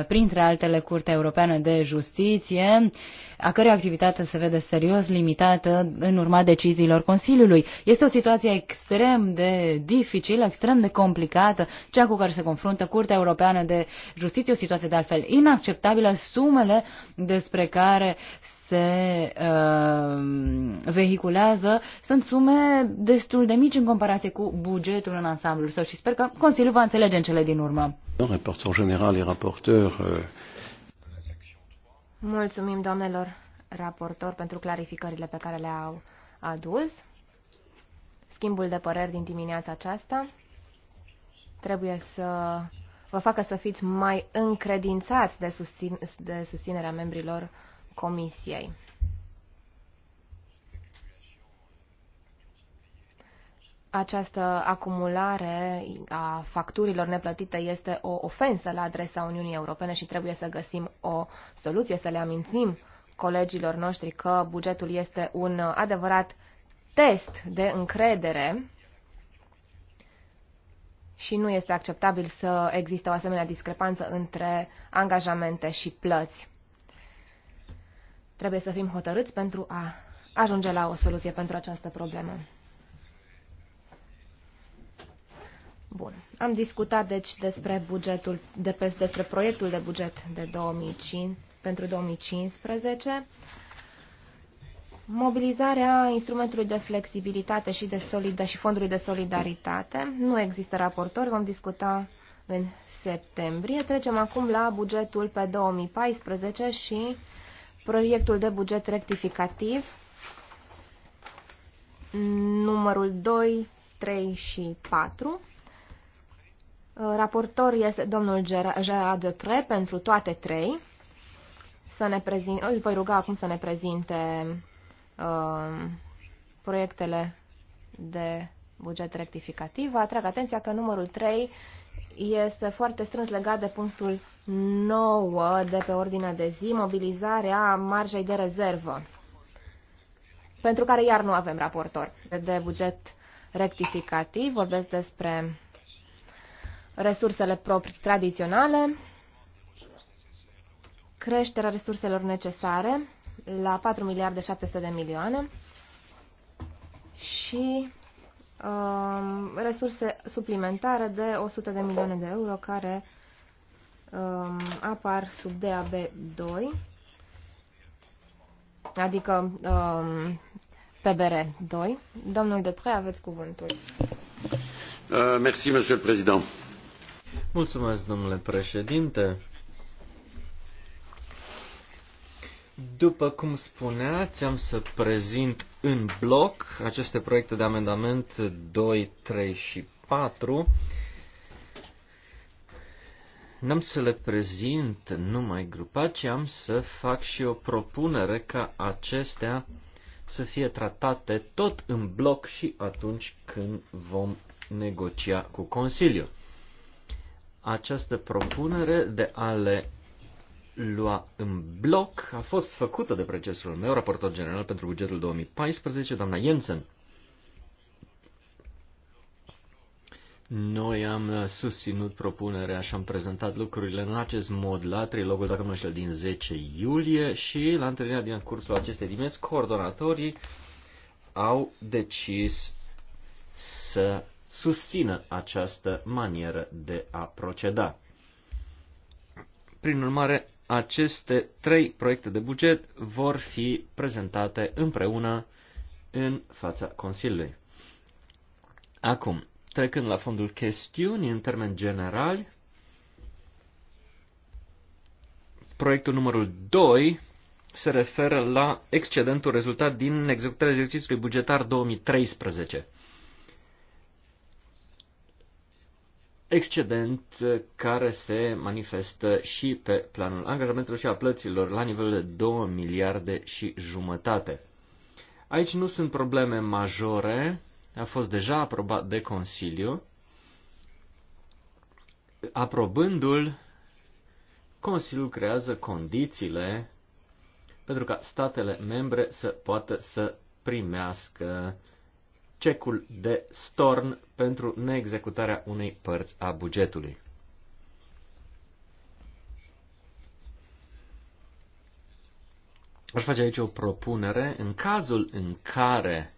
printre altele, Curtea Europeană de Justiție, a cărei activitate se vede serios limitată în urma deciziilor Consiliului. Este o situație extrem de dificilă, extrem de complicată, cea cu care se confruntă Curtea Europeană de Justiție, o situație de altfel inacceptabilă, sumele despre care se uh, vehiculează sunt sume destul de mici în comparație cu bugetul în ansamblul său și sper că Consiliul va înțelege în cele din urmă. Reporter general și euh, Mulțumim domnilor raportor pentru clarificările pe care le-au adus. Schimbul de păreri din dimineața aceasta trebuie să vă facă să fiți mai încredințați de, susțin, de susținerea membrilor Comisiei. Această acumulare a facturilor neplătite este o ofensă la adresa Uniunii Europene și trebuie să găsim o soluție, să le amintim colegilor noștri că bugetul este un adevărat test de încredere și nu este acceptabil să existe o asemenea discrepanță între angajamente și plăți. Trebuie să fim hotărâți pentru a ajunge la o soluție pentru această problemă. Bun. Am discutat deci despre bugetul, de pe, despre proiectul de buget de 2005, pentru 2015. Mobilizarea instrumentului de flexibilitate și, de solida, și fondului de solidaritate. Nu există raportori, vom discuta în septembrie. Trecem acum la bugetul pe 2014 și proiectul de buget rectificativ numărul 2, 3 și 4. Raportor este domnul Gerard Depre pentru toate trei. Să ne prezint, îl voi ruga acum să ne prezinte uh, proiectele de buget rectificativ. Vă atrag atenția că numărul 3 este foarte strâns legat de punctul 9 de pe ordinea de zi, mobilizarea marjei de rezervă, pentru care iar nu avem raportor de buget rectificativ, vorbesc despre resursele proprii tradiționale, creșterea resurselor necesare la 4 miliarde 700 de milioane și Um, resurse suplimentare de 100 de milioane de euro care um, apar sub DAB2, adică um, PBR2. Domnul Depre, aveți cuvântul. Uh, merci, Mulțumesc, domnule președinte. După cum spuneați, am să prezint în bloc aceste proiecte de amendament 2, 3 și 4. N-am să le prezint numai grupa, ci am să fac și o propunere ca acestea să fie tratate tot în bloc și atunci când vom negocia cu Consiliul. Această propunere de a le lua în bloc a fost făcută de procesul meu, raportor general pentru bugetul 2014, doamna Jensen. Noi am susținut propunerea și am prezentat lucrurile în acest mod la trilogul, dacă nu știu, din 10 iulie și la întâlnirea din cursul acestei dimineți, coordonatorii au decis să susțină această manieră de a proceda. Prin urmare, aceste trei proiecte de buget vor fi prezentate împreună în fața Consiliului. Acum, trecând la fondul chestiunii în termeni generali, proiectul numărul 2 se referă la excedentul rezultat din executarea exercițiului bugetar 2013. excedent uh, care se manifestă și pe planul angajamentelor și a plăților la nivel de 2 miliarde și jumătate. Aici nu sunt probleme majore, a fost deja aprobat de Consiliu. Aprobându-l, Consiliul creează condițiile pentru ca statele membre să poată să primească uh, cecul de storn pentru neexecutarea unei părți a bugetului. Aș face aici o propunere. În cazul în care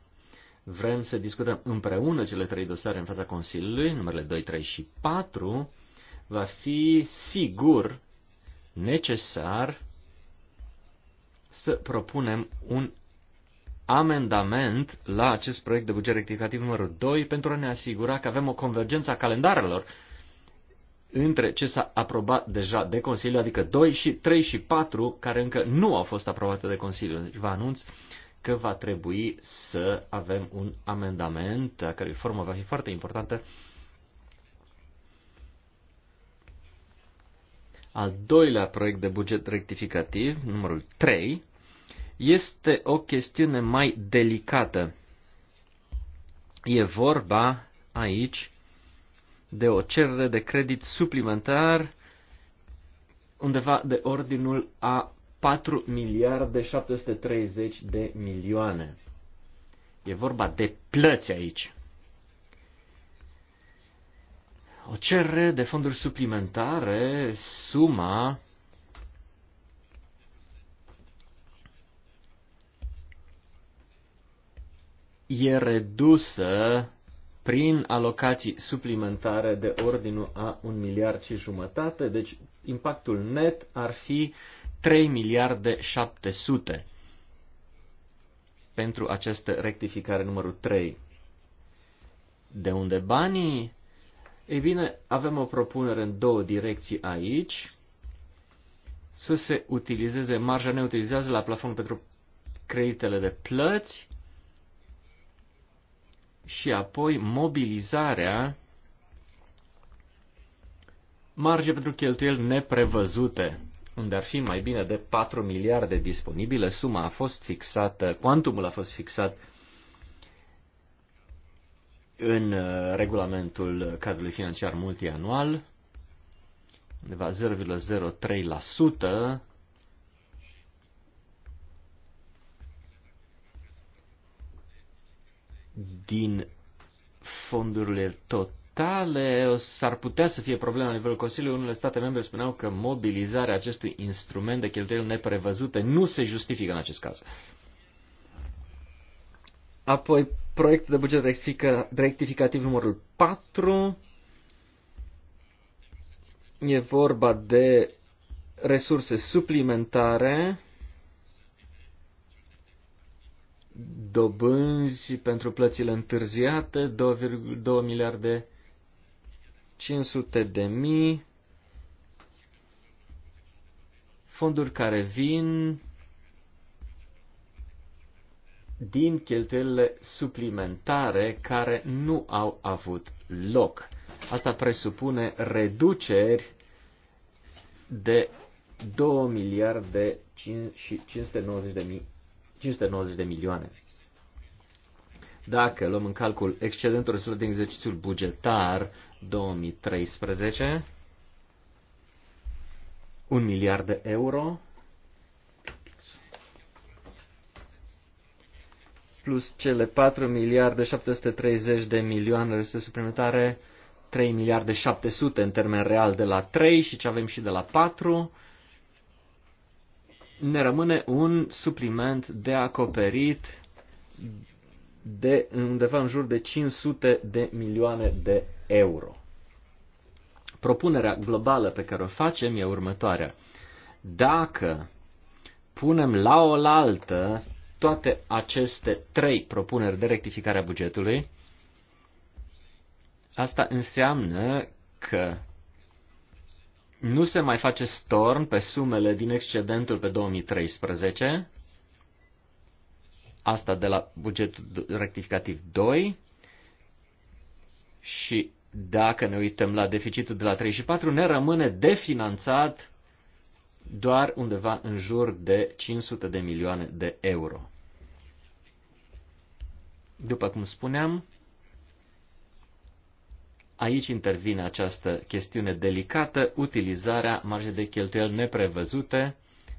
vrem să discutăm împreună cele trei dosare în fața Consiliului, numerele 2, 3 și 4, va fi sigur necesar să propunem un amendament la acest proiect de buget rectificativ numărul 2 pentru a ne asigura că avem o convergență a calendarelor între ce s-a aprobat deja de Consiliu, adică 2 și 3 și 4, care încă nu au fost aprobate de Consiliu. Deci vă anunț că va trebui să avem un amendament, a cărui formă va fi foarte importantă. Al doilea proiect de buget rectificativ, numărul 3, este o chestiune mai delicată. E vorba aici de o cerere de credit suplimentar undeva de ordinul a 4 miliarde 730 de milioane. E vorba de plăți aici. O cerere de fonduri suplimentare, suma e redusă prin alocații suplimentare de ordinul a un miliard și jumătate, deci impactul net ar fi 3 miliarde 700 pentru această rectificare numărul 3. De unde banii? Ei bine, avem o propunere în două direcții aici. Să se utilizeze marja neutilizează la plafon pentru creditele de plăți și apoi mobilizarea marge pentru cheltuieli neprevăzute, unde ar fi mai bine de 4 miliarde disponibile. Suma a fost fixată, cuantumul a fost fixat în uh, regulamentul cadrului financiar multianual, undeva 0,03% din fondurile totale. S-ar putea să fie problema la nivelul Consiliului. Unele state membre spuneau că mobilizarea acestui instrument de cheltuieli neprevăzute nu se justifică în acest caz. Apoi, proiectul de buget rectificativ numărul 4. E vorba de resurse suplimentare dobânzi pentru plățile întârziate, 2,2 miliarde 500 de mii, fonduri care vin din cheltuielile suplimentare care nu au avut loc. Asta presupune reduceri de 2 miliarde 590 de mii 590 de milioane. Dacă luăm în calcul excedentul rezultat din exercițiul bugetar 2013, 1 miliard de euro, plus cele 4 miliarde 730 de milioane de suplimentare, 3 miliarde 700 în termen real de la 3 și ce avem și de la 4, ne rămâne un supliment de acoperit de undeva în jur de 500 de milioane de euro. Propunerea globală pe care o facem e următoarea. Dacă punem la oaltă toate aceste trei propuneri de rectificare a bugetului, asta înseamnă că nu se mai face storn pe sumele din excedentul pe 2013, asta de la bugetul rectificativ 2 și dacă ne uităm la deficitul de la 34, ne rămâne definanțat doar undeva în jur de 500 de milioane de euro. După cum spuneam, Aici intervine această chestiune delicată, utilizarea marjei de cheltuieli neprevăzute,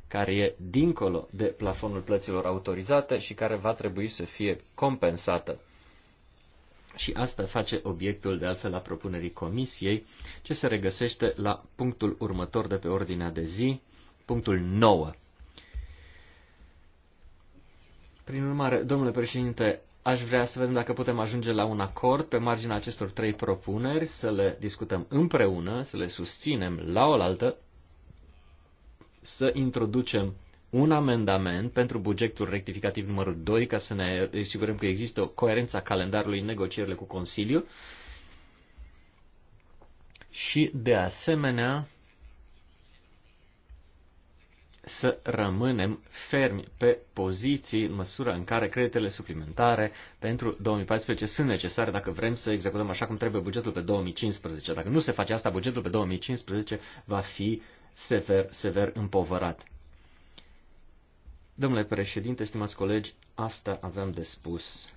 care e dincolo de plafonul plăților autorizate și care va trebui să fie compensată. Și asta face obiectul de altfel la propunerii comisiei, ce se regăsește la punctul următor de pe ordinea de zi, punctul 9. Prin urmare, domnule președinte, Aș vrea să vedem dacă putem ajunge la un acord pe marginea acestor trei propuneri, să le discutăm împreună, să le susținem la oaltă, să introducem un amendament pentru bugetul rectificativ numărul 2 ca să ne asigurăm că există o coerență a calendarului în negocierile cu Consiliu și, de asemenea, să rămânem fermi pe poziții în măsura în care creditele suplimentare pentru 2014 sunt necesare dacă vrem să executăm așa cum trebuie bugetul pe 2015. Dacă nu se face asta, bugetul pe 2015 va fi sever, sever împovărat. Domnule președinte, stimați colegi, asta aveam de spus.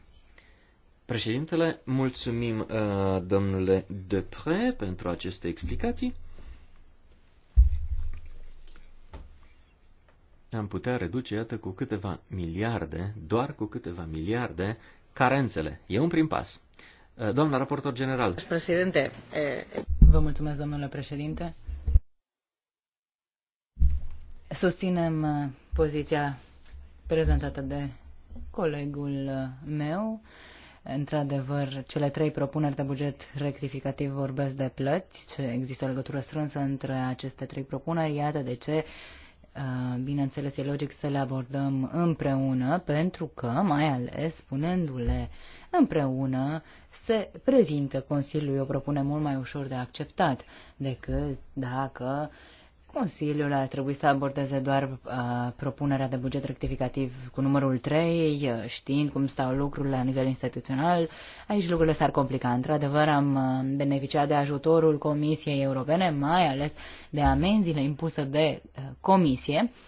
Președintele, mulțumim uh, domnule Depre pentru aceste explicații. am putea reduce, iată, cu câteva miliarde, doar cu câteva miliarde, carențele. E un prim pas. Uh, doamna raportor general. Președinte. Eh, Vă mulțumesc, domnule președinte. Susținem uh, poziția prezentată de colegul uh, meu. Într-adevăr, cele trei propuneri de buget rectificativ vorbesc de plăți. Există o legătură strânsă între aceste trei propuneri. Iată de ce Uh, bineînțeles, e logic să le abordăm împreună, pentru că, mai ales, spunându-le împreună, se prezintă Consiliului o propunere mult mai ușor de acceptat decât dacă uh, Consiliul ar trebui să abordeze doar uh, propunerea de buget rectificativ cu numărul 3, uh, știind cum stau lucrurile la nivel instituțional. Aici lucrurile s-ar complica. Într-adevăr, am uh, beneficiat de ajutorul Comisiei Europene, mai ales de amenziile impuse de uh, Comisie. Uh,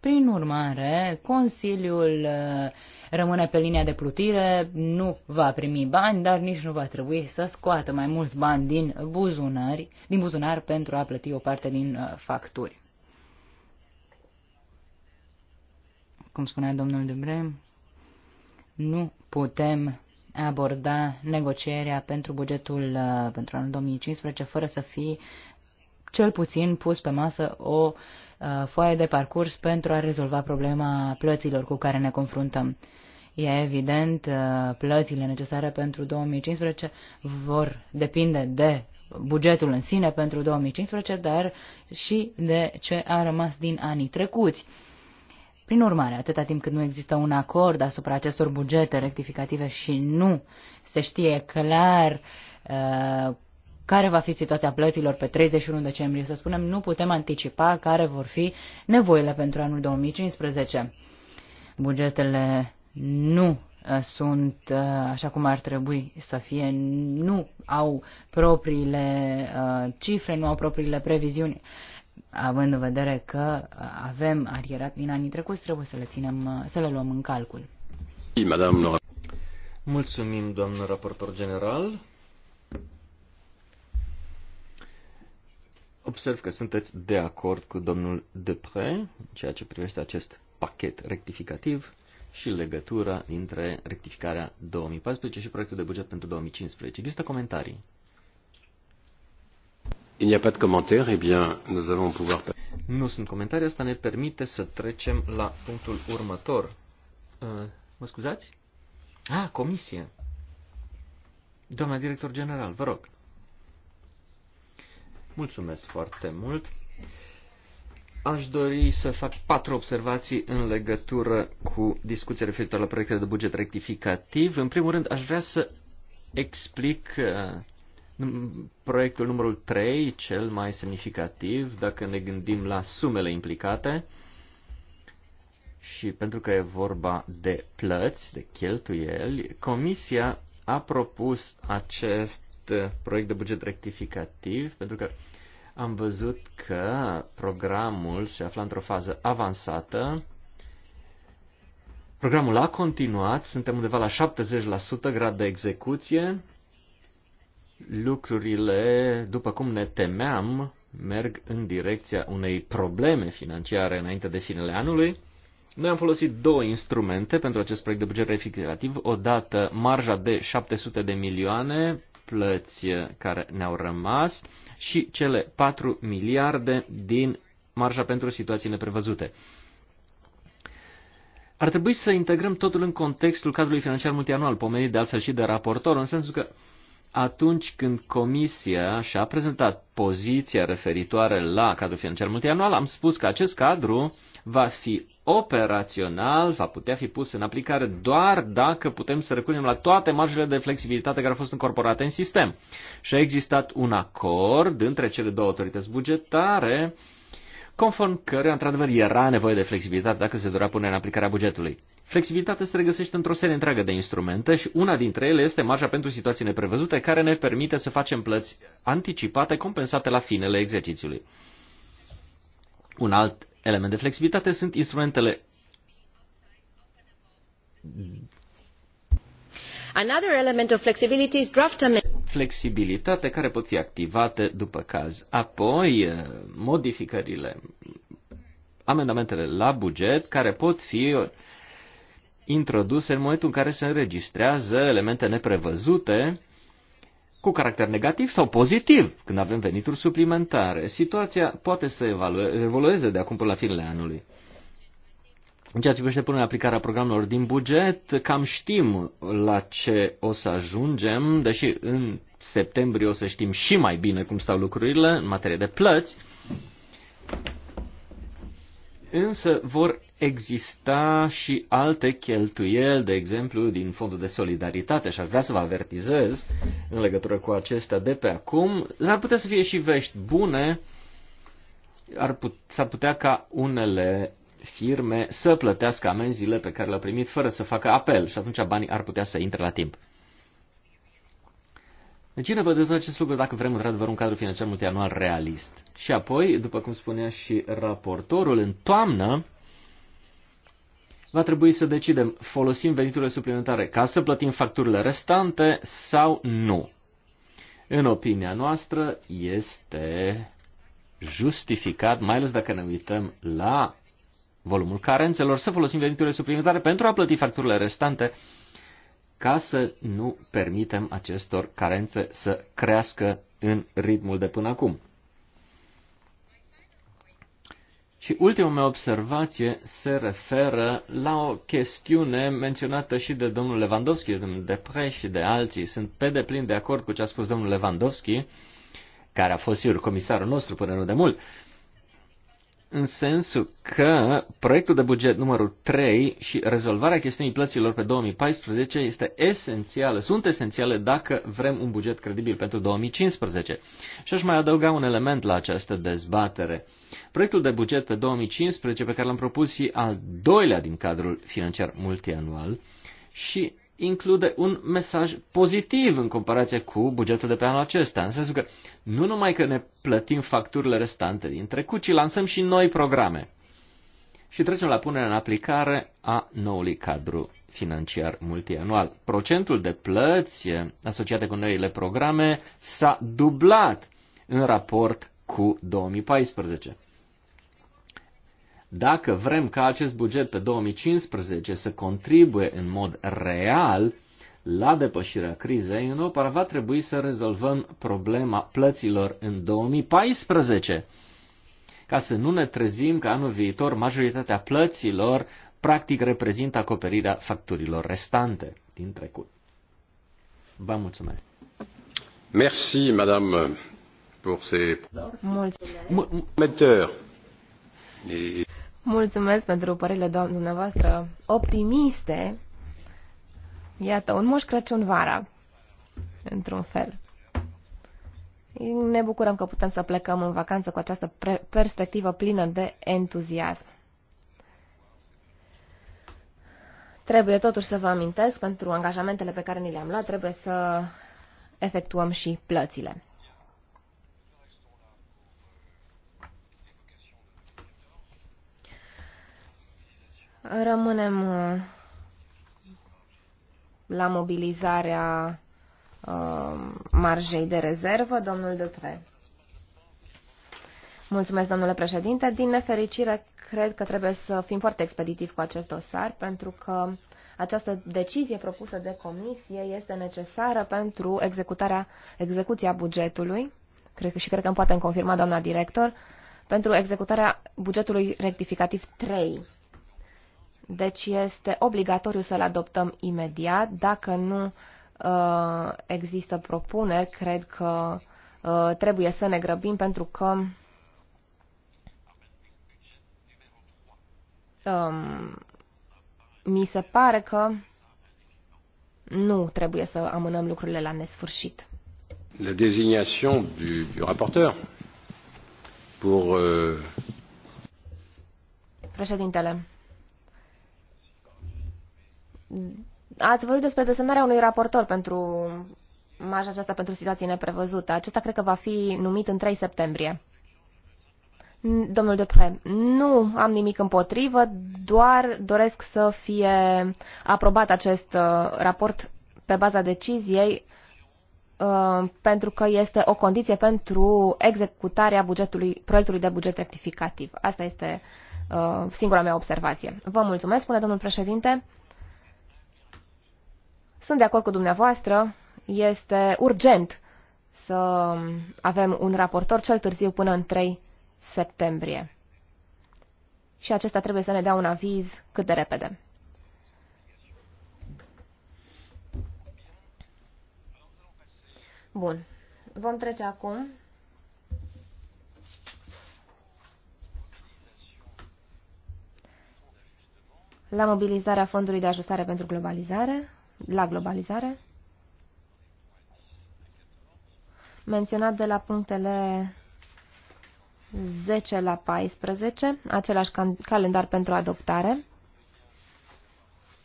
prin urmare, Consiliul uh, rămâne pe linia de plutire, nu va primi bani, dar nici nu va trebui să scoată mai mulți bani din, buzunari, din buzunar pentru a plăti o parte din uh, facturi. Cum spunea domnul Dubre, nu putem aborda negocierea pentru bugetul uh, pentru anul 2015 fără să fie cel puțin pus pe masă o uh, Uh, foaie de parcurs pentru a rezolva problema plăților cu care ne confruntăm. E evident, uh, plățile necesare pentru 2015 vor depinde de bugetul în sine pentru 2015, dar și de ce a rămas din anii trecuți. Prin urmare, atâta timp cât nu există un acord asupra acestor bugete rectificative și nu se știe clar uh, care va fi situația plăților pe 31 decembrie. Să spunem, nu putem anticipa care vor fi nevoile pentru anul 2015. Bugetele nu uh, sunt uh, așa cum ar trebui să fie, nu au propriile uh, cifre, nu au propriile previziuni. Având în vedere că avem arierat din anii trecuți, trebuie să le, ținem, să le luăm în calcul. Mulțumim, doamnă raportor general. Observ că sunteți de acord cu domnul Depre în ceea ce privește acest pachet rectificativ și legătura dintre rectificarea 2014 și proiectul de buget pentru 2015. Există comentarii? Il n'y a pas de commentaires, eh bien, nous allons pouvoir... Nu sunt comentarii, asta ne permite să trecem la punctul următor. Uh, mă scuzați? Ah, comisie. Doamna director general, vă rog. Mulțumesc foarte mult. Aș dori să fac patru observații în legătură cu discuția referitoare la proiectele de buget rectificativ. În primul rând, aș vrea să explic uh, proiectul numărul 3, cel mai semnificativ, dacă ne gândim la sumele implicate. Și pentru că e vorba de plăți, de cheltuieli, Comisia a propus acest Uh, proiect de buget rectificativ, pentru că am văzut că programul se afla într-o fază avansată. Programul a continuat, suntem undeva la 70% grad de execuție. Lucrurile, după cum ne temeam, merg în direcția unei probleme financiare înainte de finele anului. Noi am folosit două instrumente pentru acest proiect de buget rectificativ. Odată marja de 700 de milioane plăți eh, care ne-au rămas și cele 4 miliarde din marja pentru situații neprevăzute. Ar trebui să integrăm totul în contextul cadrului financiar multianual, pomenit de altfel și de raportor, în sensul că atunci când Comisia și-a prezentat poziția referitoare la cadrul financiar multianual, am spus că acest cadru va fi operațional, va putea fi pus în aplicare doar dacă putem să recurgem la toate marjele de flexibilitate care au fost încorporate în sistem. Și a existat un acord între cele două autorități bugetare conform căruia, într-adevăr, era nevoie de flexibilitate dacă se dorea punerea în aplicare a bugetului. Flexibilitatea se regăsește într-o serie întreagă de instrumente și una dintre ele este marja pentru situații neprevăzute care ne permite să facem plăți anticipate compensate la finele exercițiului. Un alt element de flexibilitate sunt instrumentele Another element of flexibility is draft flexibilitate care pot fi activate după caz. Apoi, eh, modificările, amendamentele la buget care pot fi introduse în momentul în care se înregistrează elemente neprevăzute cu caracter negativ sau pozitiv când avem venituri suplimentare. Situația poate să evolueze de acum până la finele anului. În ceea ce privește punerea aplicarea programelor din buget, cam știm la ce o să ajungem, deși în septembrie o să știm și mai bine cum stau lucrurile în materie de plăți, însă vor exista și alte cheltuieli, de exemplu, din fondul de solidaritate și aș vrea să vă avertizez în legătură cu acestea de pe acum, s-ar putea să fie și vești bune, ar put, s-ar putea ca unele firme să plătească amenziile pe care le-au primit fără să facă apel și atunci banii ar putea să intre la timp. Deci e de tot acest lucru dacă vrem într-adevăr un cadru financiar multianual realist. Și apoi, după cum spunea și raportorul, în toamnă va trebui să decidem, folosim veniturile suplimentare ca să plătim facturile restante sau nu. În opinia noastră este justificat, mai ales dacă ne uităm la volumul carențelor, să folosim veniturile suplimentare pentru a plăti facturile restante ca să nu permitem acestor carențe să crească în ritmul de până acum. Și ultima mea observație se referă la o chestiune menționată și de domnul Lewandowski, de domnul Depre și de alții. Sunt pe deplin de acord cu ce a spus domnul Lewandowski, care a fost, sigur, comisarul nostru până nu de mult. Uh, în sensul că proiectul de buget numărul 3 și rezolvarea chestiunii plăților pe 2014 este esențială, sunt esențiale dacă vrem un buget credibil pentru 2015. Și aș mai adăuga un element la această dezbatere. Proiectul de buget pe 2015 pe care l-am propus și al doilea din cadrul financiar multianual și include un mesaj pozitiv în comparație cu bugetul de pe anul acesta, în sensul că nu numai că ne plătim facturile restante din trecut, ci lansăm și noi programe. Și trecem la punerea în aplicare a noului cadru financiar multianual. Procentul de plăți asociate cu noile programe s-a dublat în raport cu 2014. Dacă vrem ca acest buget pe 2015 să contribuie în mod real la depășirea crizei, în OPAR va trebui să rezolvăm problema plăților în 2014, ca să nu ne trezim că anul viitor majoritatea plăților practic reprezintă acoperirea facturilor restante din trecut. Vă mulțumesc. Merci, madame, pour ces... Mulțumesc. Mulțumesc pentru părerile dumneavoastră optimiste Iată, un moș Crăciun vara, într-un fel. Ne bucurăm că putem să plecăm în vacanță cu această perspectivă plină de entuziasm. Trebuie totuși să vă amintesc, pentru angajamentele pe care ni le-am luat, trebuie să efectuăm și plățile. Rămânem uh, la mobilizarea uh, marjei de rezervă, domnul Dupre. Mulțumesc, domnule președinte. Din nefericire, cred că trebuie să fim foarte expeditivi cu acest dosar, pentru că această decizie propusă de comisie este necesară pentru executarea, execuția bugetului, cred, și cred că îmi poate confirma doamna director, pentru executarea bugetului rectificativ 3. Deci este obligatoriu să-l adoptăm imediat. Dacă nu uh, există propuneri, cred că uh, trebuie să ne grăbim pentru că um, mi se pare că nu trebuie să amânăm lucrurile la nesfârșit. La designation du, du rapporteur pour euh... Președintele, Ați vorbit despre desemnarea unui raportor pentru marja aceasta pentru situații neprevăzute. Acesta cred că va fi numit în 3 septembrie. Domnul Depre, nu am nimic împotrivă, doar doresc să fie aprobat acest uh, raport pe baza deciziei uh, pentru că este o condiție pentru executarea bugetului, proiectului de buget rectificativ. Asta este uh, singura mea observație. Vă mulțumesc, spune domnul președinte. Sunt de acord cu dumneavoastră, este urgent să avem un raportor cel târziu până în 3 septembrie. Și acesta trebuie să ne dea un aviz cât de repede. Bun. Vom trece acum la mobilizarea Fondului de Ajustare pentru Globalizare la globalizare, menționat de la punctele 10 la 14, același calendar pentru adoptare.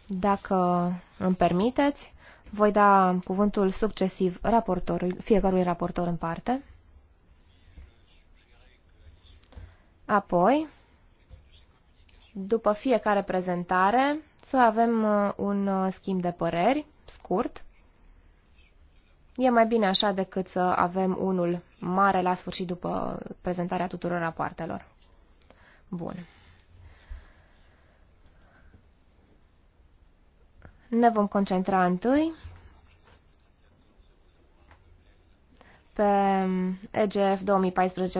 Dacă îmi permiteți, voi da cuvântul succesiv raportorului, fiecărui raportor în parte. Apoi, după fiecare prezentare, să avem uh, un uh, schimb de păreri scurt. E mai bine așa decât să avem unul mare la sfârșit după prezentarea tuturor rapoartelor. Bun. Ne vom concentra întâi pe EGF 2014-001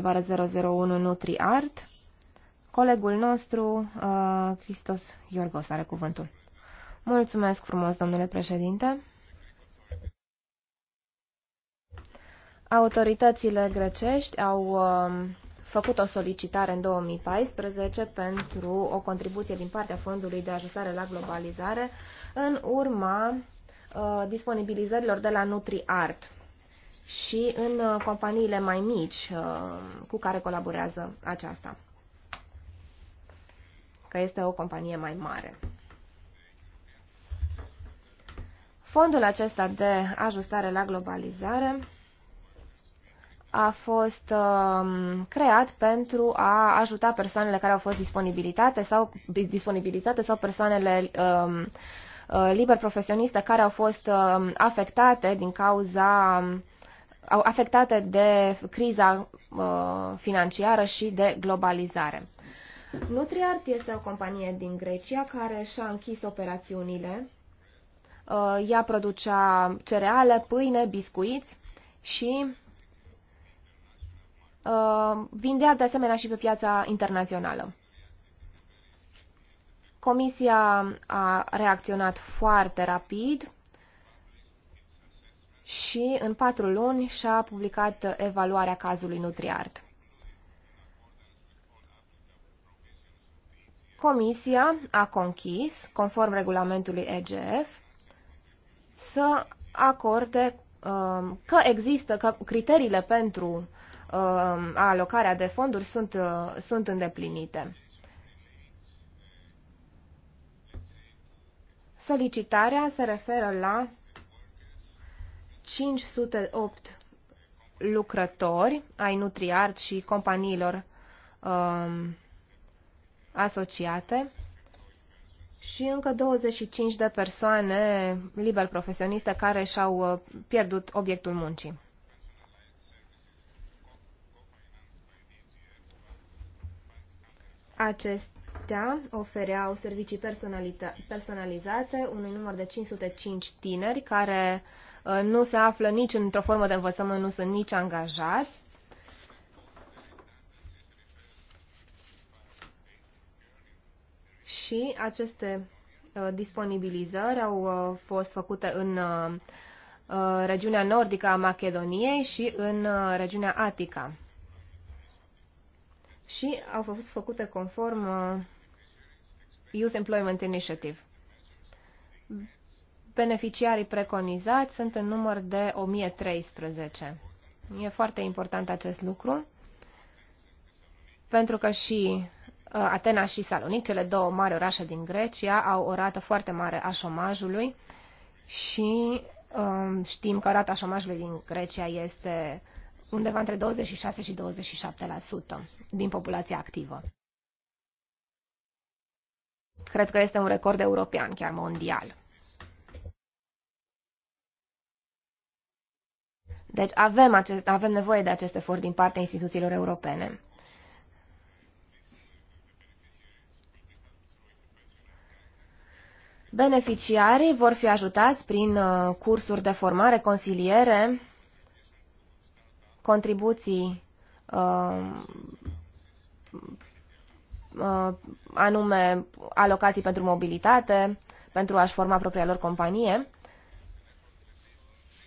NutriArt Colegul nostru, uh, Christos Iorgos, are cuvântul. Mulțumesc frumos, domnule președinte. Autoritățile grecești au uh, făcut o solicitare în 2014 pentru o contribuție din partea Fondului de Ajustare la Globalizare în urma uh, disponibilizărilor de la NutriArt și în uh, companiile mai mici uh, cu care colaborează aceasta că este o companie mai mare. Fondul acesta de ajustare la globalizare a fost um, creat pentru a ajuta persoanele care au fost disponibilitate sau disponibilitate sau persoanele um, uh, liber profesioniste care au fost um, afectate din cauza um, au afectate de criza uh, financiară și de globalizare. Nutriart este o companie din Grecia care și-a închis operațiunile. Uh, ea producea cereale, pâine, biscuiți și uh, vindea de asemenea și pe piața internațională. Comisia a reacționat foarte rapid și în patru luni și-a publicat evaluarea cazului Nutriart. Comisia a conchis, conform regulamentului EGF, să acorde um, că există, că criteriile pentru um, alocarea de fonduri sunt, uh, sunt îndeplinite. Solicitarea se referă la 508 lucrători ai Nutriart și companiilor um, asociate și încă 25 de persoane liber profesioniste care și-au uh, pierdut obiectul muncii. Acestea ofereau servicii personalizate unui număr de 505 tineri care uh, nu se află nici într-o formă de învățământ, nu sunt nici angajați și aceste uh, disponibilizări au uh, fost făcute în uh, regiunea nordică a Macedoniei și în regiunea Atica. Și au fost făcute conform Youth Employment Initiative. Beneficiarii preconizați sunt în număr de 1013. E foarte important acest lucru, pentru că și Uh, Atena și Salonic, cele două mari orașe din Grecia, au o rată foarte mare a șomajului și um, știm că rata șomajului din Grecia este undeva între 26 și 27% din populația activă. Cred că este un record european, chiar mondial. Deci avem, acest, avem nevoie de acest efort din partea instituțiilor europene. Beneficiarii vor fi ajutați prin uh, cursuri de formare, consiliere, contribuții uh, uh, anume alocații pentru mobilitate, pentru a-și forma propria lor companie.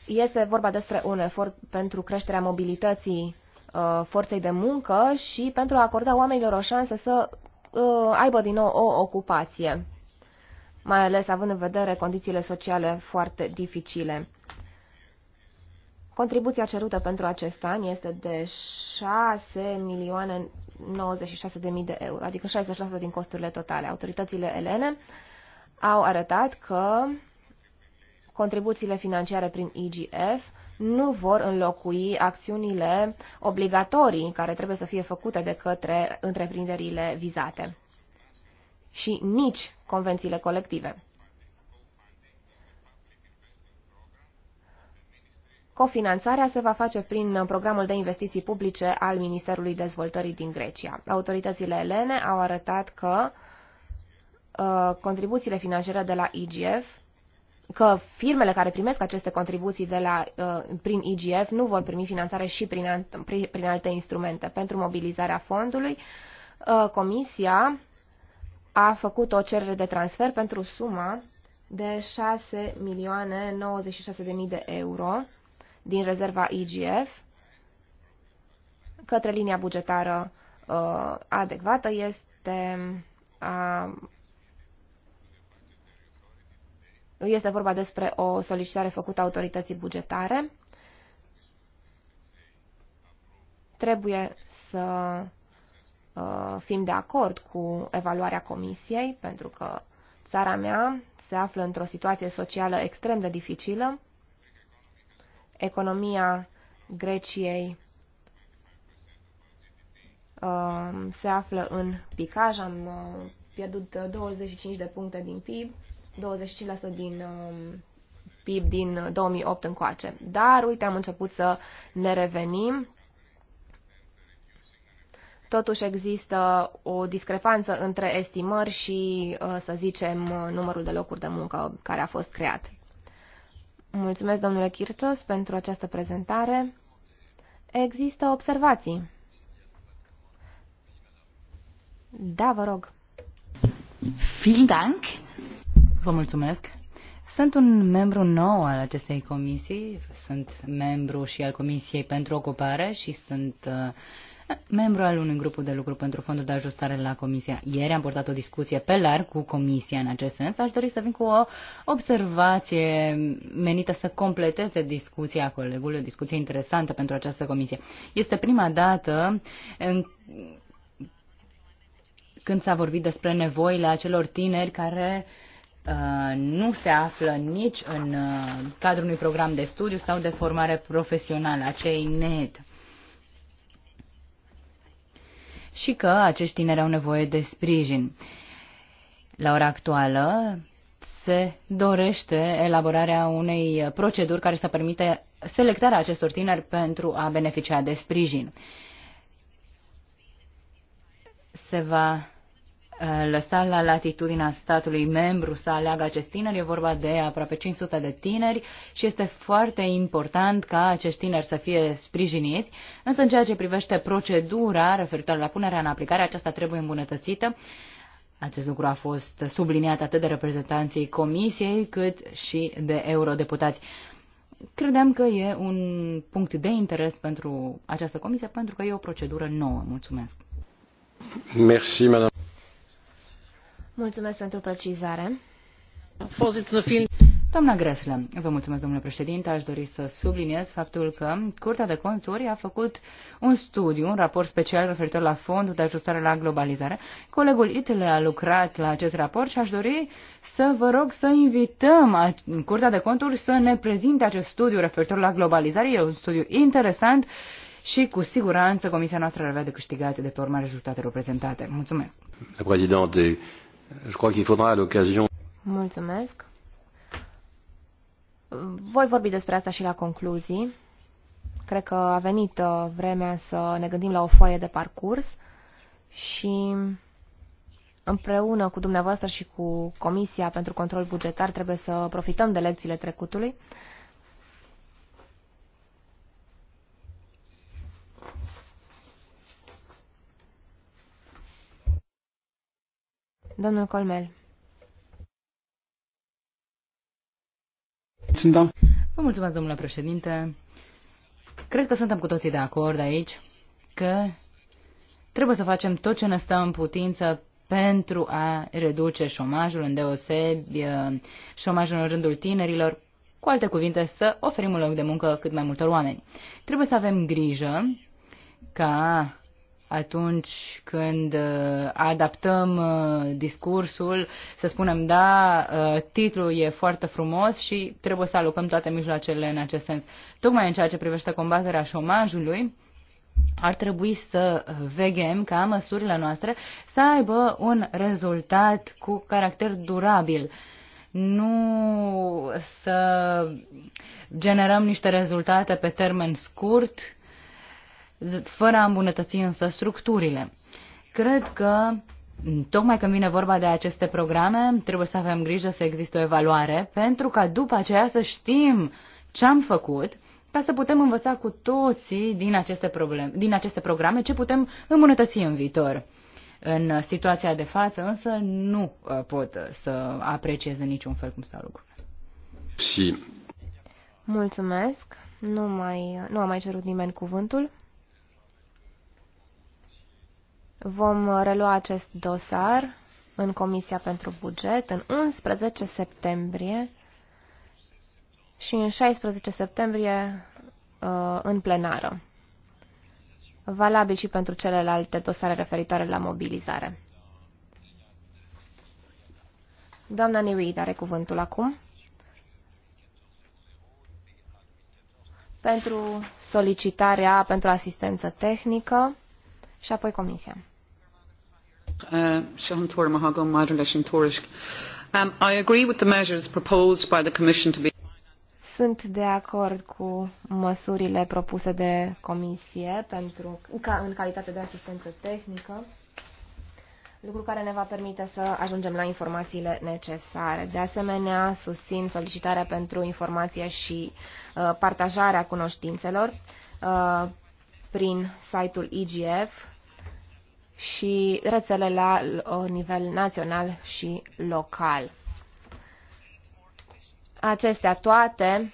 Este vorba despre un efort pentru creșterea mobilității forței de muncă și pentru a acorda oamenilor o șansă să aibă din nou o ocupație mai ales având în vedere condițiile sociale foarte dificile. Contribuția cerută pentru acest an este de 6 milioane 96 de mii de euro, adică 66% din costurile totale. Autoritățile elene au arătat că contribuțiile financiare prin IGF nu vor înlocui acțiunile obligatorii care trebuie să fie făcute de către întreprinderile vizate și nici convențiile colective. Cofinanțarea se va face prin programul de investiții publice al Ministerului Dezvoltării din Grecia. Autoritățile elene au arătat că uh, contribuțiile financiare de la IGF, că firmele care primesc aceste contribuții de la, uh, prin IGF nu vor primi finanțare și prin, prin, prin alte instrumente. Pentru mobilizarea fondului, uh, Comisia a făcut o cerere de transfer pentru suma de 6.096.000 milioane de mii de euro din rezerva IGF către linia bugetară uh, adecvată este uh, este vorba despre o solicitare făcută autorității bugetare. Trebuie să Uh, fim de acord cu evaluarea comisiei, pentru că țara mea se află într-o situație socială extrem de dificilă. Economia Greciei um, se află în picaj, am uh, pierdut 25 uh, de puncte din PIB, 25% din um, PIB din 2008 încoace. Dar, uite, am început să ne revenim Totuși există o discrepanță între estimări și, uh, să zicem, uh, numărul de locuri de muncă care a fost creat. Mulțumesc, domnule Chirtos, pentru această prezentare. Există observații? Da, vă rog. Vielen Dank. Vă mulțumesc. Sunt un membru nou al acestei comisii, sunt membru și al Comisiei pentru Ocupare și sunt uh, membru al unui grup de lucru pentru fondul de ajustare la Comisia. Ieri am portat o discuție pe larg cu Comisia în acest sens. Aș dori să vin cu o observație menită să completeze discuția colegului, o discuție interesantă pentru această Comisie. Este prima dată în când s-a vorbit despre nevoile acelor tineri care uh, nu se află nici în uh, cadrul unui program de studiu sau de formare profesională, acei NET. și că acești tineri au nevoie de sprijin. La ora actuală se dorește elaborarea unei proceduri care să permite selectarea acestor tineri pentru a beneficia de sprijin. Se va Uh, lăsat la latitudinea statului membru să aleagă acest tineri. E vorba de aproape 500 de tineri și este foarte important ca acești tineri să fie sprijiniți. Însă în ceea ce privește procedura referitoare la punerea în aplicare, aceasta trebuie îmbunătățită. Acest lucru a fost subliniat atât de reprezentanții Comisiei cât și de eurodeputați. Credeam că e un punct de interes pentru această comisie pentru că e o procedură nouă. Mulțumesc. Merci, madame. Mulțumesc pentru precizare. Doamna Gresle, vă mulțumesc, domnule președinte. Aș dori să subliniez faptul că Curtea de Conturi a făcut un studiu, un raport special referitor la fondul de ajustare la globalizare. Colegul Itle a lucrat la acest raport și aș dori să vă rog să invităm Curtea de Conturi să ne prezinte acest studiu referitor la globalizare. E un studiu interesant și cu siguranță Comisia noastră ar avea de câștigat de pe urma rezultatelor prezentate. Mulțumesc. La Mulțumesc. Voi vorbi despre asta și la concluzii. Cred că a venit uh, vremea să ne gândim la o foaie de parcurs și împreună cu dumneavoastră și cu Comisia pentru Control Bugetar trebuie să profităm de lecțiile trecutului. Domnul Colmel. Da. Vă mulțumesc, domnule președinte. Cred că suntem cu toții de acord aici că trebuie să facem tot ce ne stă în putință pentru a reduce șomajul, îndeosebi uh, șomajul în rândul tinerilor, cu alte cuvinte, să oferim un loc de muncă cât mai multor oameni. Trebuie să avem grijă ca atunci când uh, adaptăm uh, discursul, să spunem, da, uh, titlul e foarte frumos și trebuie să alocăm toate mijloacele în acest sens. Tocmai în ceea ce privește combaterea șomajului, ar trebui să vegem ca măsurile noastre să aibă un rezultat cu caracter durabil nu să generăm niște rezultate pe termen scurt fără a îmbunătăți însă structurile. Cred că Tocmai când vine vorba de aceste programe, trebuie să avem grijă să existe o evaluare, pentru ca după aceea să știm ce am făcut, ca să putem învăța cu toții din aceste, probleme, din aceste programe ce putem îmbunătăți în viitor. În situația de față, însă, nu uh, pot uh, să apreciez în niciun fel cum stau lucrurile. Și... Mulțumesc. Nu, mai, nu a mai cerut nimeni cuvântul. Vom relua acest dosar în Comisia pentru Buget în 11 septembrie și în 16 septembrie uh, în plenară, valabil și pentru celelalte dosare referitoare la mobilizare. Doamna Nirid are cuvântul acum. Pentru solicitarea pentru asistență tehnică și apoi comisia. Uh, Sunt de acord cu măsurile propuse de comisie pentru, ca, în calitate de asistență tehnică, lucru care ne va permite să ajungem la informațiile necesare. De asemenea, susțin solicitarea pentru informație și uh, partajarea cunoștințelor uh, prin site-ul IGF, și rețele la uh, nivel național și local. Acestea toate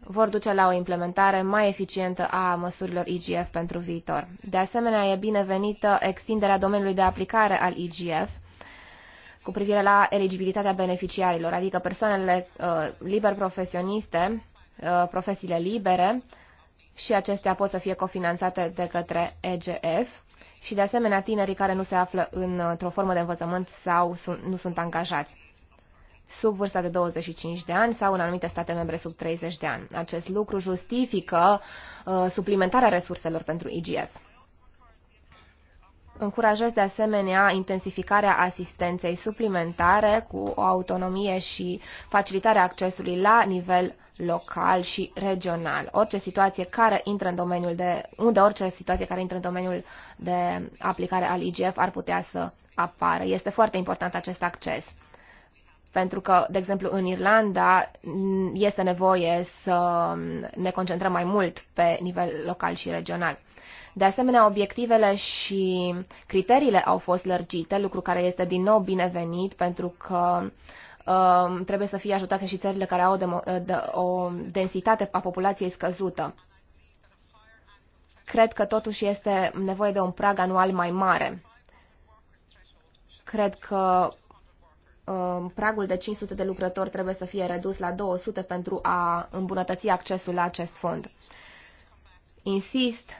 vor duce la o implementare mai eficientă a măsurilor IGF pentru viitor. De asemenea, e binevenită extinderea domeniului de aplicare al IGF cu privire la eligibilitatea beneficiarilor, adică persoanele uh, liber profesioniste, uh, profesiile libere și acestea pot să fie cofinanțate de către EGF și de asemenea tinerii care nu se află într-o formă de învățământ sau sunt, nu sunt angajați sub vârsta de 25 de ani sau în anumite state membre sub 30 de ani. Acest lucru justifică uh, suplimentarea resurselor pentru IGF. Încurajez de asemenea intensificarea asistenței suplimentare cu o autonomie și facilitarea accesului la nivel local și regional. Orice situație care intră în domeniul de unde orice situație care intră în domeniul de aplicare al IGF ar putea să apară. Este foarte important acest acces. Pentru că, de exemplu, în Irlanda mm, este nevoie să ne concentrăm mai mult pe nivel local și regional. De asemenea, obiectivele și criteriile au fost lărgite, lucru care este din nou binevenit pentru că um, trebuie să fie ajutate și țările care au o, o densitate a populației scăzută. Cred că totuși este nevoie de un prag anual mai mare. Cred că um, pragul de 500 de lucrători trebuie să fie redus la 200 pentru a îmbunătăți accesul la acest fond. Insist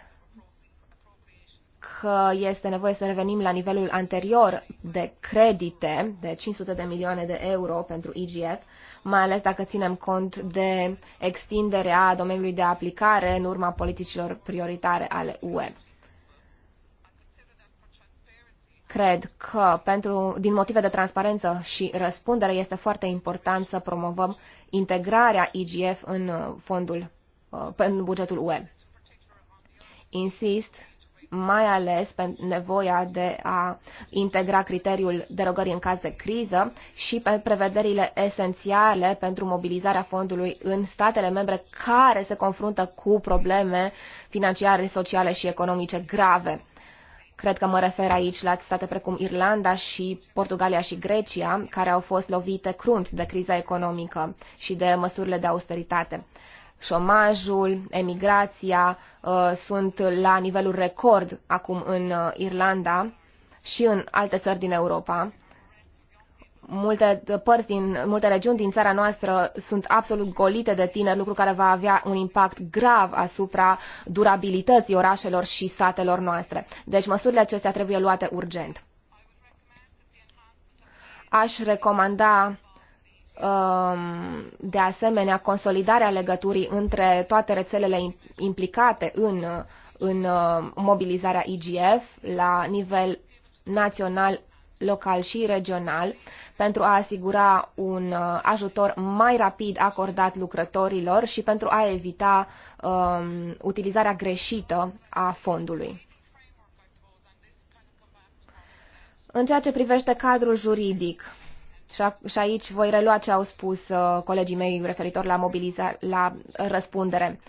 că este nevoie să revenim la nivelul anterior de credite de 500 de milioane de euro pentru IGF, mai ales dacă ținem cont de extinderea domeniului de aplicare în urma politicilor prioritare ale UE. Cred că pentru, din motive de transparență și răspundere este foarte important să promovăm integrarea IGF în uh, fondul, uh, în bugetul UE. Insist mai ales pe nevoia de a integra criteriul derogării în caz de criză și pe prevederile esențiale pentru mobilizarea fondului în statele membre care se confruntă cu probleme financiare, sociale și economice grave. Cred că mă refer aici la state precum Irlanda și Portugalia și Grecia, care au fost lovite crunt de criza economică și de măsurile de austeritate șomajul, emigrația uh, sunt la nivelul record acum în uh, Irlanda și în alte țări din Europa. Multe părți din, multe regiuni din țara noastră sunt absolut golite de tineri, lucru care va avea un impact grav asupra durabilității orașelor și satelor noastre. Deci măsurile acestea trebuie luate urgent. Aș recomanda Um, de asemenea consolidarea legăturii între toate rețelele implicate în, în uh, mobilizarea IGF la nivel național, local și regional pentru a asigura un uh, ajutor mai rapid acordat lucrătorilor și pentru a evita um, utilizarea greșită a fondului. În ceea ce privește cadrul juridic, și aici voi relua ce au spus uh, colegii mei referitor la, mobiliza- la răspundere.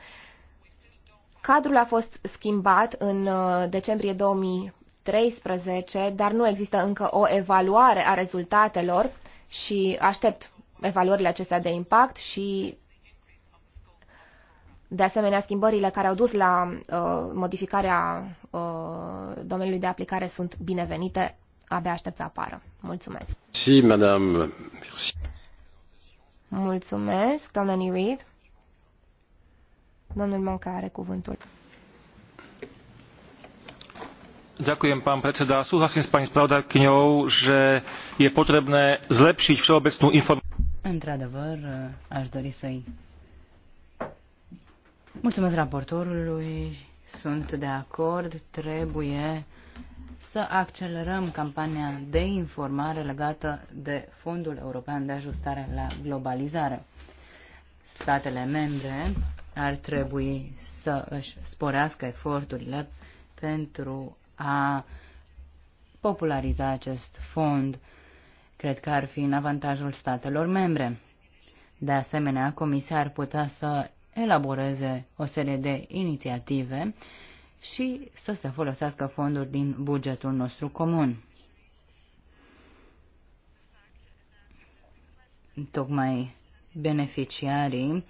Cadrul a fost schimbat în uh, decembrie 2013, dar nu există încă o evaluare a rezultatelor și aștept evaluările acestea de impact și de asemenea schimbările care au dus la uh, modificarea uh, domeniului de aplicare sunt binevenite abia aștept să apară. Mulțumesc. Si, madame. Merci. Mulțumesc, doamna Nirid. Domnul Manca are cuvântul. Ďakujem, pán predseda. Súhlasím s pani spravodajkyňou, že je potrebné zlepšiť všeobecnú informáciu. Într-adevăr, aș dori să-i mulțumesc raportorului. Sunt de acord, trebuie să accelerăm campania de informare legată de Fondul European de Ajustare la Globalizare. Statele membre ar trebui să își sporească eforturile pentru a populariza acest fond. Cred că ar fi în avantajul statelor membre. De asemenea, Comisia ar putea să elaboreze o serie de inițiative și să se folosească fonduri din bugetul nostru comun. Tocmai beneficiarii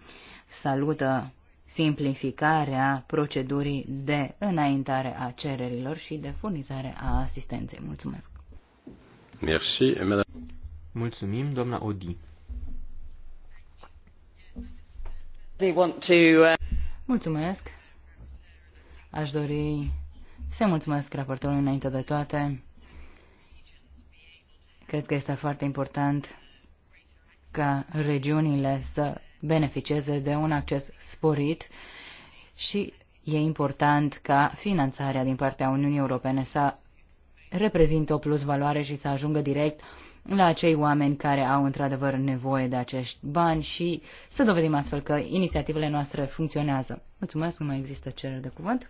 salută simplificarea procedurii de înaintare a cererilor și de furnizare a asistenței. Mulțumesc! Merci, Mulțumim, doamna Odi. Uh- Mulțumesc! Aș dori să mulțumesc raportorului înainte de toate. Cred că este foarte important ca regiunile să beneficieze de un acces sporit și e important ca finanțarea din partea Uniunii Europene să reprezintă o plus valoare și să ajungă direct la acei oameni care au într-adevăr nevoie de acești bani și să dovedim astfel că inițiativele noastre funcționează. Mulțumesc, nu mai există cereri de cuvânt.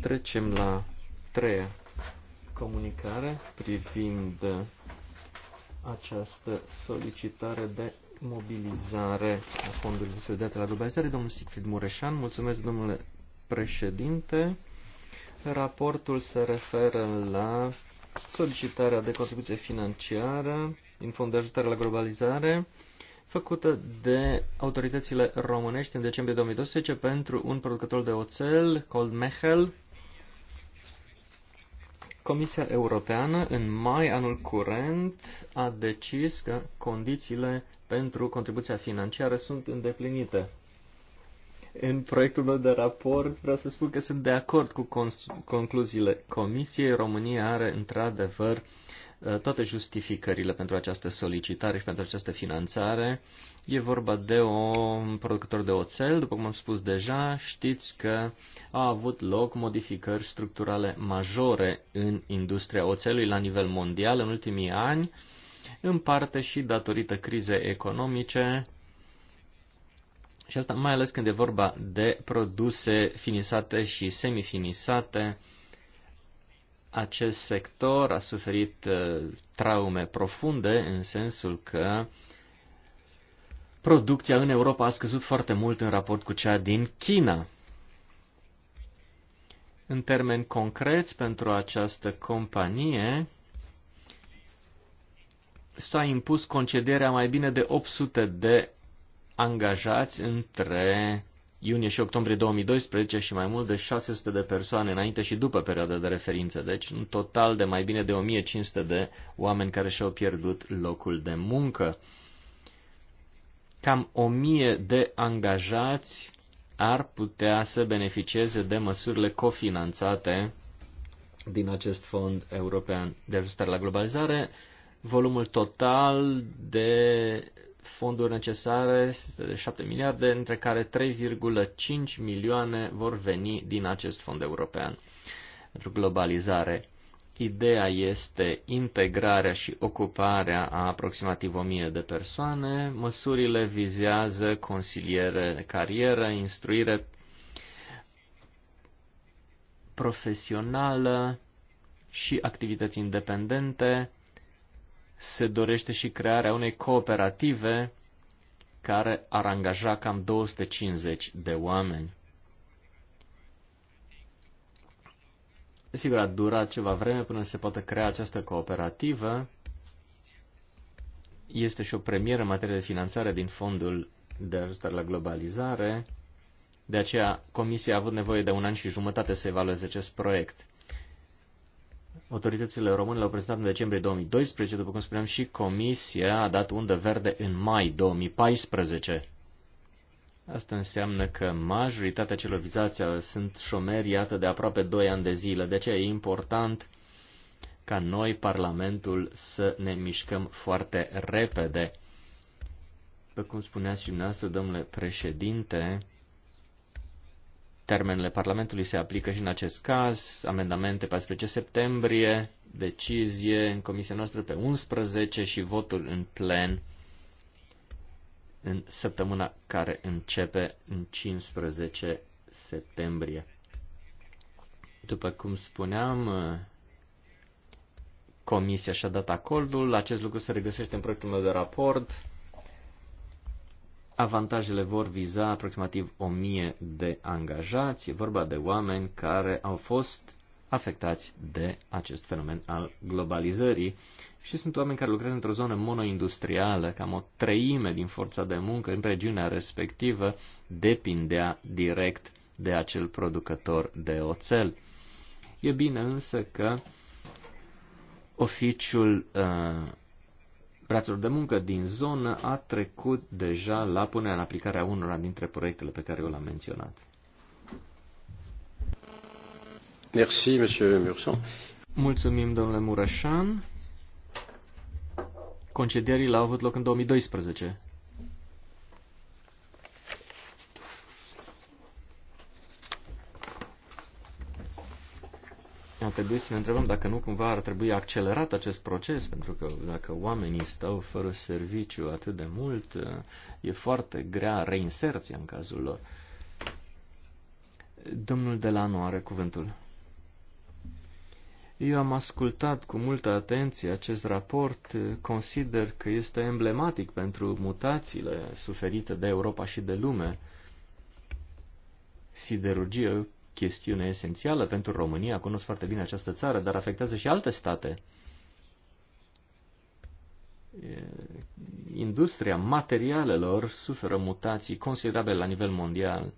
Trecem la treia comunicare privind această solicitare de mobilizare a Fondului Solidaritate la Globalizare. Domnul Sigrid Mureșan, mulțumesc, domnule președinte. Raportul se referă la solicitarea de contribuție financiară din fond de ajutare la globalizare făcută de autoritățile românești în decembrie 2012 pentru un producător de oțel, Cold Mechel. Comisia Europeană, în mai anul curent, a decis că condițiile pentru contribuția financiară sunt îndeplinite. În proiectul meu de raport vreau să spun că sunt de acord cu concluziile Comisiei. România are într-adevăr uh, toate justificările pentru această solicitare și pentru această finanțare. E vorba de o, un producător de oțel, după cum am spus deja, știți că au avut loc modificări structurale majore în industria oțelului la nivel mondial în ultimii ani, în parte și datorită crizei economice, și asta mai ales când e vorba de produse finisate și semifinisate. Acest sector a suferit uh, traume profunde în sensul că producția în Europa a scăzut foarte mult în raport cu cea din China. În termeni concreți, pentru această companie s-a impus concederea mai bine de 800 de angajați între iunie și octombrie 2012 și mai mult de 600 de persoane înainte și după perioada de referință, deci un total de mai bine de 1500 de oameni care și-au pierdut locul de muncă. Cam 1000 de angajați ar putea să beneficieze de măsurile cofinanțate din acest fond european de ajustare la globalizare, volumul total de fonduri necesare de 7 miliarde, între care 3,5 milioane vor veni din acest fond european pentru globalizare. Ideea este integrarea și ocuparea a aproximativ 1000 de persoane. Măsurile vizează consiliere de carieră, instruire profesională și activități independente, se dorește și crearea unei cooperative care ar angaja cam 250 de oameni. Sigur, a durat ceva vreme până se poate crea această cooperativă. Este și o premieră în materie de finanțare din fondul de ajustare la globalizare. De aceea, Comisia a avut nevoie de un an și jumătate să evalueze acest proiect. Autoritățile române l-au prezentat în decembrie 2012, după cum spuneam, și Comisia a dat undă verde în mai 2014. Asta înseamnă că majoritatea celor vizați sunt șomeri, iată, de aproape 2 ani de zile. De aceea e important ca noi, Parlamentul, să ne mișcăm foarte repede. După cum spuneați și dumneavoastră, domnule președinte, Termenele Parlamentului se aplică și în acest caz, amendamente 14 septembrie, decizie în comisia noastră pe 11 și votul în plen în săptămâna care începe în 15 septembrie. După cum spuneam, comisia și-a dat acordul, acest lucru se regăsește în proiectul meu de raport, Avantajele vor viza aproximativ 1000 de angajați. E vorba de oameni care au fost afectați de acest fenomen al globalizării și sunt oameni care lucrează într-o zonă monoindustrială, cam o treime din forța de muncă în regiunea respectivă depindea direct de acel producător de oțel. E bine însă că oficiul uh, brațelor de muncă din zonă a trecut deja la punerea în aplicare a unora dintre proiectele pe care eu l-am menționat. Merci, monsieur Murson. Mulțumim, domnule Mureșan. Concedierile au avut loc în 2012. ar trebui să ne întrebăm dacă nu cumva ar trebui accelerat acest proces, pentru că dacă oamenii stau fără serviciu atât de mult, e foarte grea reinserția în cazul lor. Domnul Delano are cuvântul. Eu am ascultat cu multă atenție acest raport, consider că este emblematic pentru mutațiile suferite de Europa și de lume. Siderurgie, chestiune esențială pentru România. Cunosc foarte bine această țară, dar afectează și alte state. Industria materialelor suferă mutații considerabile la nivel mondial.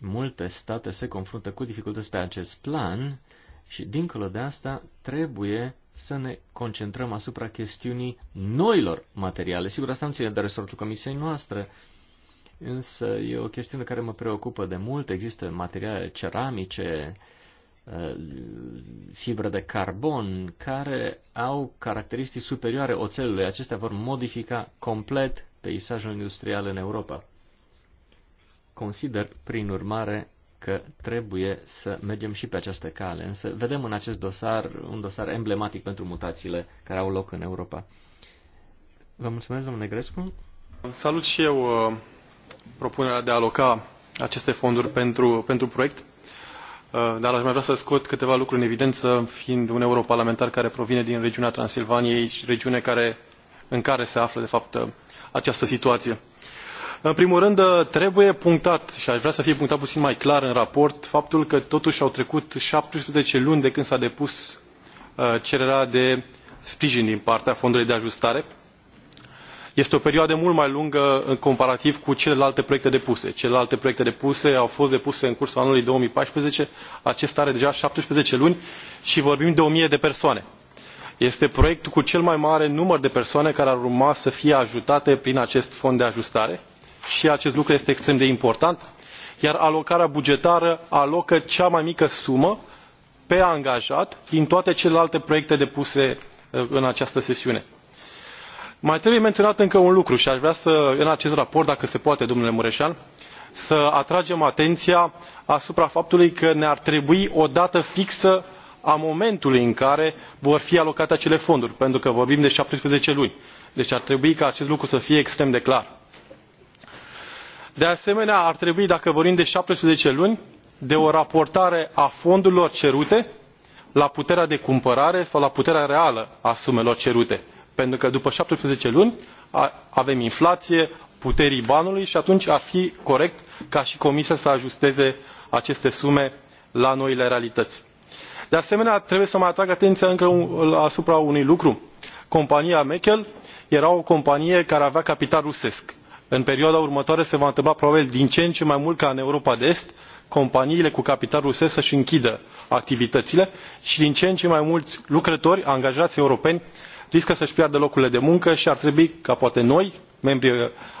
Multe state se confruntă cu dificultăți pe acest plan și, dincolo de asta, trebuie să ne concentrăm asupra chestiunii noilor materiale. Sigur, asta nu ține de resortul comisiei noastre, uh, Însă e o chestiune care mă preocupă de mult. Există materiale ceramice, uh, fibre de carbon, care au caracteristici superioare oțelului. Acestea vor modifica complet peisajul industrial în Europa. Consider, prin urmare, că trebuie să mergem și pe această cale. Însă vedem în acest dosar un dosar emblematic pentru mutațiile care au loc în Europa. Vă mulțumesc, domnule Grescu. Salut și eu uh, propunerea de a aloca aceste fonduri pentru, pentru proiect, uh, dar aș mai vrea să scot câteva lucruri în evidență, fiind un europarlamentar care provine din regiunea Transilvaniei și regiune care, în care se află, de fapt, uh, această situație. În primul rând, uh, trebuie punctat, și aș vrea să fie punctat puțin mai clar în raport, faptul că totuși au trecut 17 luni de când s-a depus cererea de sprijin din partea fondului de ajustare este o perioadă mult mai lungă comparativ cu celelalte proiecte depuse. Celelalte proiecte depuse au fost depuse în cursul anului paisprezece acesta are deja șaptesprezece luni și vorbim de mie de persoane. Este proiectul cu cel mai mare număr de persoane care ar urma să fie ajutate prin acest fond de ajustare și acest lucru este extrem de important, iar alocarea bugetară alocă cea mai mică sumă pe angajat din toate celelalte proiecte depuse uh, în această sesiune mai trebuie menționat încă un lucru și aș vrea să, în acest raport dacă se poate domnule mureșan să atragem atenția asupra faptului că ne ar trebui o dată fixă a momentului în care vor fi alocate acele fonduri pentru că vorbim de șaptesprezece luni deci ar trebui ca acest lucru să fie extrem de clar. de asemenea ar trebui dacă vorbim de șaptesprezece luni de o raportare a fondurilor cerute la puterea de cumpărare sau la puterea reală a sumelor cerute pentru că după 17 luni avem inflație puterii banului și atunci ar fi corect ca și comisia să ajusteze aceste sume la noile realități. de asemenea trebuie să mai atrag atenția încă asupra unui lucru compania Mechel era o companie care avea capital rusesc. în perioada următoare se va întâmpla probabil din ce în ce mai mult ca în europa de est companiile cu capital rusesc să și închidă activitățile și din ce în ce mai mulți lucrători angajați europeni riscă să își piardă locurile de muncă și ar trebui ca poate noi membrii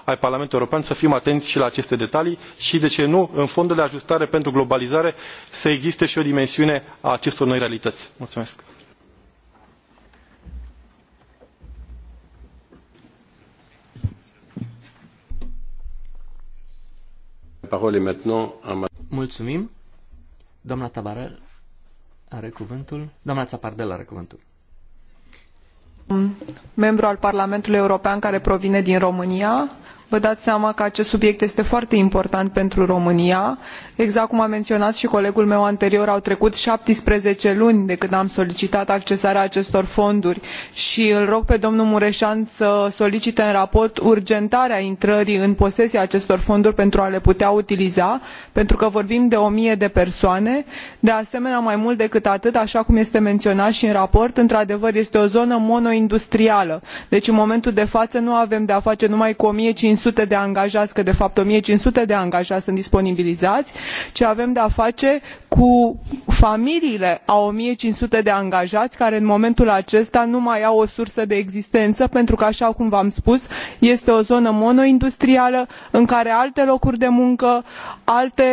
ai parlamentului european să fim atenți și la aceste detalii și de ce nu în fondul de ajustare pentru globalizare să existe și o dimensiune a acestor noi realități. mulțumesc. Mulțumim. Doamna Tabarel are cuvântul. Doamna Țapardel are cuvântul membru al parlamentului european care provine din românia vă dați seama că acest subiect este foarte important pentru românia exact cum a menționat și colegul meu anterior au trecut șaptesprezece luni de când am solicitat accesarea acestor fonduri și îl rog pe domnul mureșan să solicite în raport urgentarea intrării în posesia acestor fonduri pentru a le putea utiliza pentru că vorbim de o mie de persoane de asemenea mai mult decât atât așa cum este menționat și în raport într adevăr este o zonă monoindustrială deci în momentul de față nu avem de a face numai cu o mie cinci sute de angajați că de fapt o mie cinci sute de angajați sunt disponibilizați ci avem de a face cu familiile a o mie cinci sute de angajați care în momentul acesta nu mai au o sursă de existență pentru că așa cum v am spus este o zonă monoindustrială în care alte locuri de muncă alte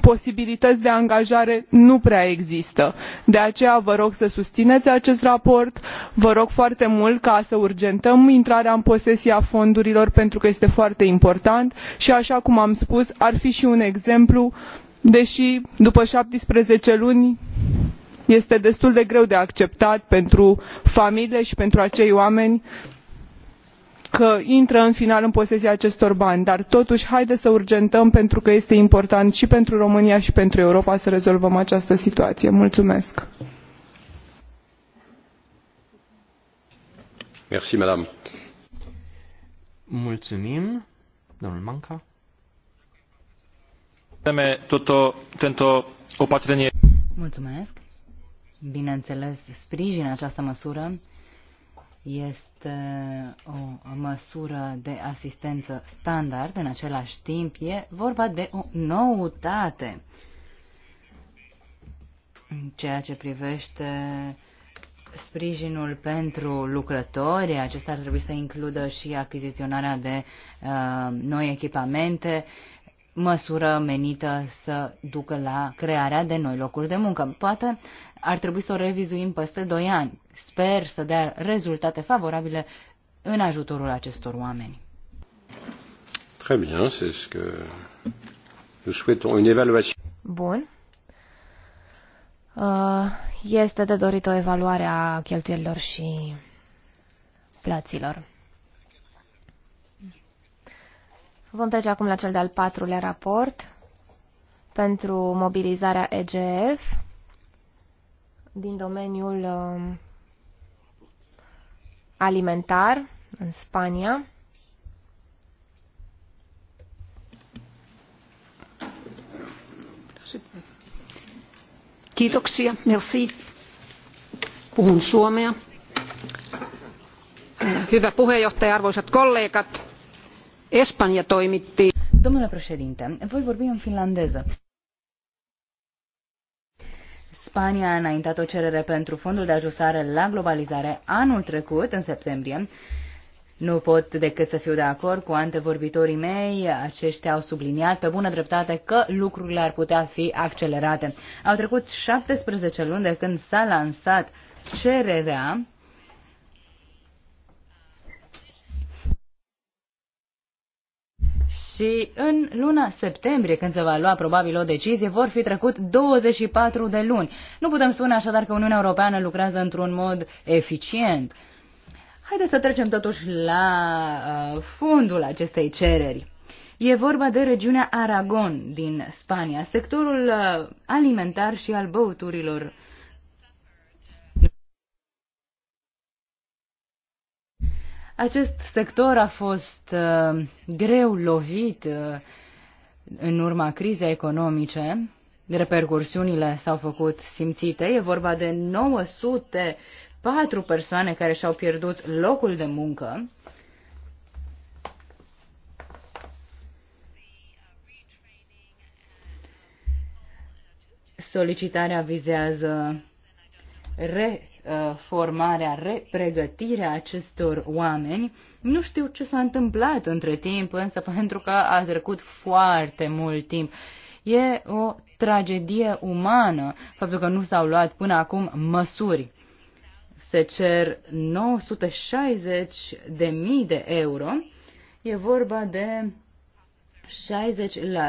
posibilități de angajare nu prea există. de aceea vă rog să susțineți acest raport vă rog foarte mult să urgentăm intrarea în posesie a fondurilor pentru că este foarte important și așa cum am spus ar fi și un exemplu deși după șaptesprezece luni este destul de greu de acceptat pentru familiile și pentru acei oameni care că intră în final în posesia acestor bani dar totuși haideți să urgentăm pentru că este important și pentru românia și pentru europa să rezolvăm această situație. mulțumesc. Merci, Mulțumesc. Bineînțeles, sprijin această măsură este o măsură de asistență standard, în același timp e vorba de o noutate în ceea ce privește sprijinul pentru lucrători, acesta ar trebui să includă și achiziționarea de uh, noi echipamente măsură menită să ducă la crearea de noi locuri de muncă. Poate ar trebui să o revizuim peste 2 ani. Sper să dea rezultate favorabile în ajutorul acestor oameni. Très bien, c'est ce que nous souhaitons une évaluation. Bun. Uh, este de dorit o evaluare a cheltuielilor și plăților. Vom trece acum la cel de-al patrulea raport pentru mobilizarea EGF din domeniul um, alimentar în Spania. Kiitoksia, merci. Puhun suomea. Hyvä puheenjohtaja, arvoisat kollegat. Domnule președinte, voi vorbi în finlandeză. Spania a înaintat o cerere pentru fondul de ajustare la globalizare anul trecut, în septembrie. Nu pot decât să fiu de acord cu antevorbitorii mei, aceștia au subliniat pe bună dreptate că lucrurile ar putea fi accelerate. Au trecut 17 luni de când s-a lansat cererea și în luna septembrie, când se va lua probabil o decizie, vor fi trecut 24 de luni. Nu putem spune așadar că Uniunea Europeană lucrează într-un mod eficient. Haideți să trecem totuși la uh, fundul acestei cereri. E vorba de regiunea Aragon din Spania, sectorul uh, alimentar și al băuturilor Acest sector a fost uh, greu lovit uh, în urma crizei economice. Repercursiunile s-au făcut simțite. E vorba de 904 persoane care și-au pierdut locul de muncă. Solicitarea vizează re Uh, formarea, repregătirea acestor oameni. Nu știu ce s-a întâmplat între timp, însă pentru că a trecut foarte mult timp. E o tragedie umană faptul că nu s-au luat până acum măsuri. Se cer 960 de mii de euro. E vorba de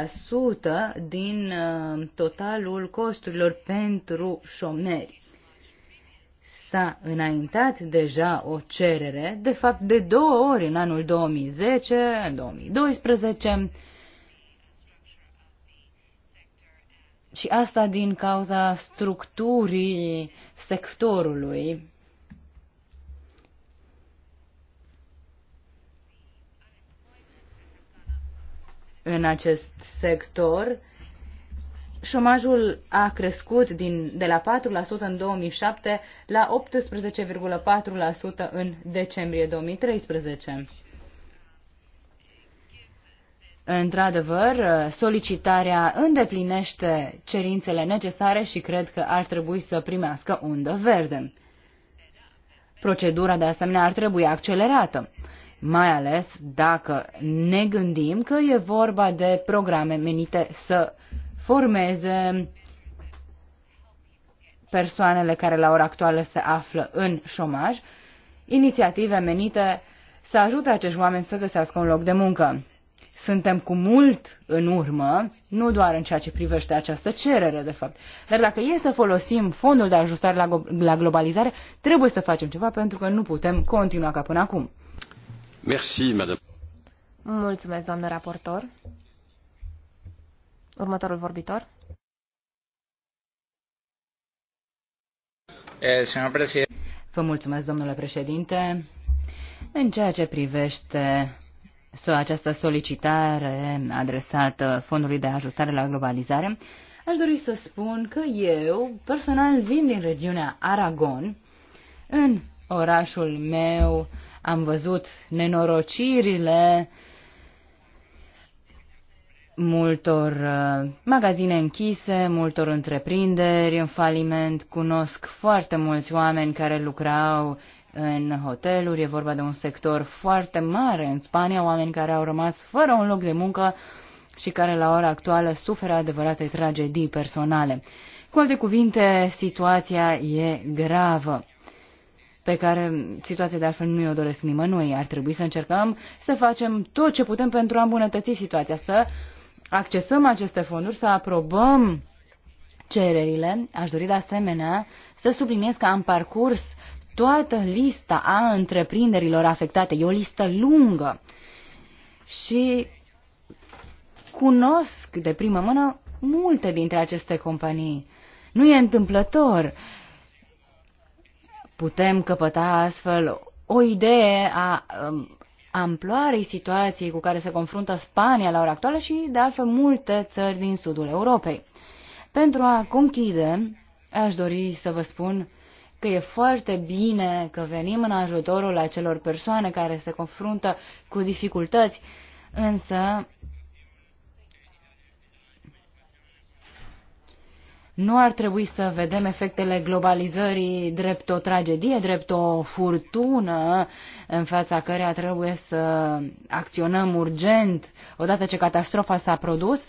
60% din uh, totalul costurilor pentru șomeri s-a înaintat deja o cerere, de fapt de două ori în anul 2010, în 2012, și asta din cauza structurii sectorului. În acest sector, Șomajul a crescut din, de la 4% în 2007 la 18,4% în decembrie 2013. Într-adevăr, solicitarea îndeplinește cerințele necesare și cred că ar trebui să primească undă verde. Procedura de asemenea ar trebui accelerată, mai ales dacă ne gândim că e vorba de programe menite să formeze persoanele care la ora actuală se află în șomaj, inițiative menite să ajute acești oameni să găsească un loc de muncă. Suntem cu mult în urmă, nu doar în ceea ce privește această cerere, de fapt. Dar dacă e să folosim fondul de ajustare la, la globalizare, trebuie să facem ceva pentru că nu putem continua ca până acum. Merci, madame. Mulțumesc, doamnă raportor. Următorul vorbitor. Eh, Vă mulțumesc, domnule președinte. În ceea ce privește această solicitare adresată Fondului de Ajustare la Globalizare, aș dori să spun că eu personal vin din regiunea Aragon. În orașul meu am văzut nenorocirile uh, multor uh, magazine închise, multor întreprinderi în faliment. Cunosc foarte mulți oameni care lucrau în hoteluri, e vorba de un sector foarte mare în Spania, oameni care au rămas fără un loc de muncă și care la ora actuală suferă adevărate tragedii personale. Cu alte cuvinte, situația e gravă pe care situația de altfel nu i-o doresc nimănui. Ar trebui să încercăm să facem tot ce putem pentru a îmbunătăți situația, să uh, accesăm aceste fonduri, să aprobăm cererile. Aș dori de asemenea să subliniez că am parcurs toată lista a întreprinderilor afectate. E o listă lungă și cunosc de primă mână multe dintre aceste companii. Nu e întâmplător. Putem căpăta astfel o idee a um, amploarei situației cu care se confruntă Spania la ora actuală și, de altfel, multe țări din sudul Europei. Pentru a conchide, aș dori să vă spun că e foarte bine că venim în ajutorul acelor persoane care se confruntă cu dificultăți, însă Nu ar trebui să vedem efectele globalizării drept o tragedie, drept o furtună în fața căreia trebuie să acționăm urgent odată ce catastrofa s-a produs.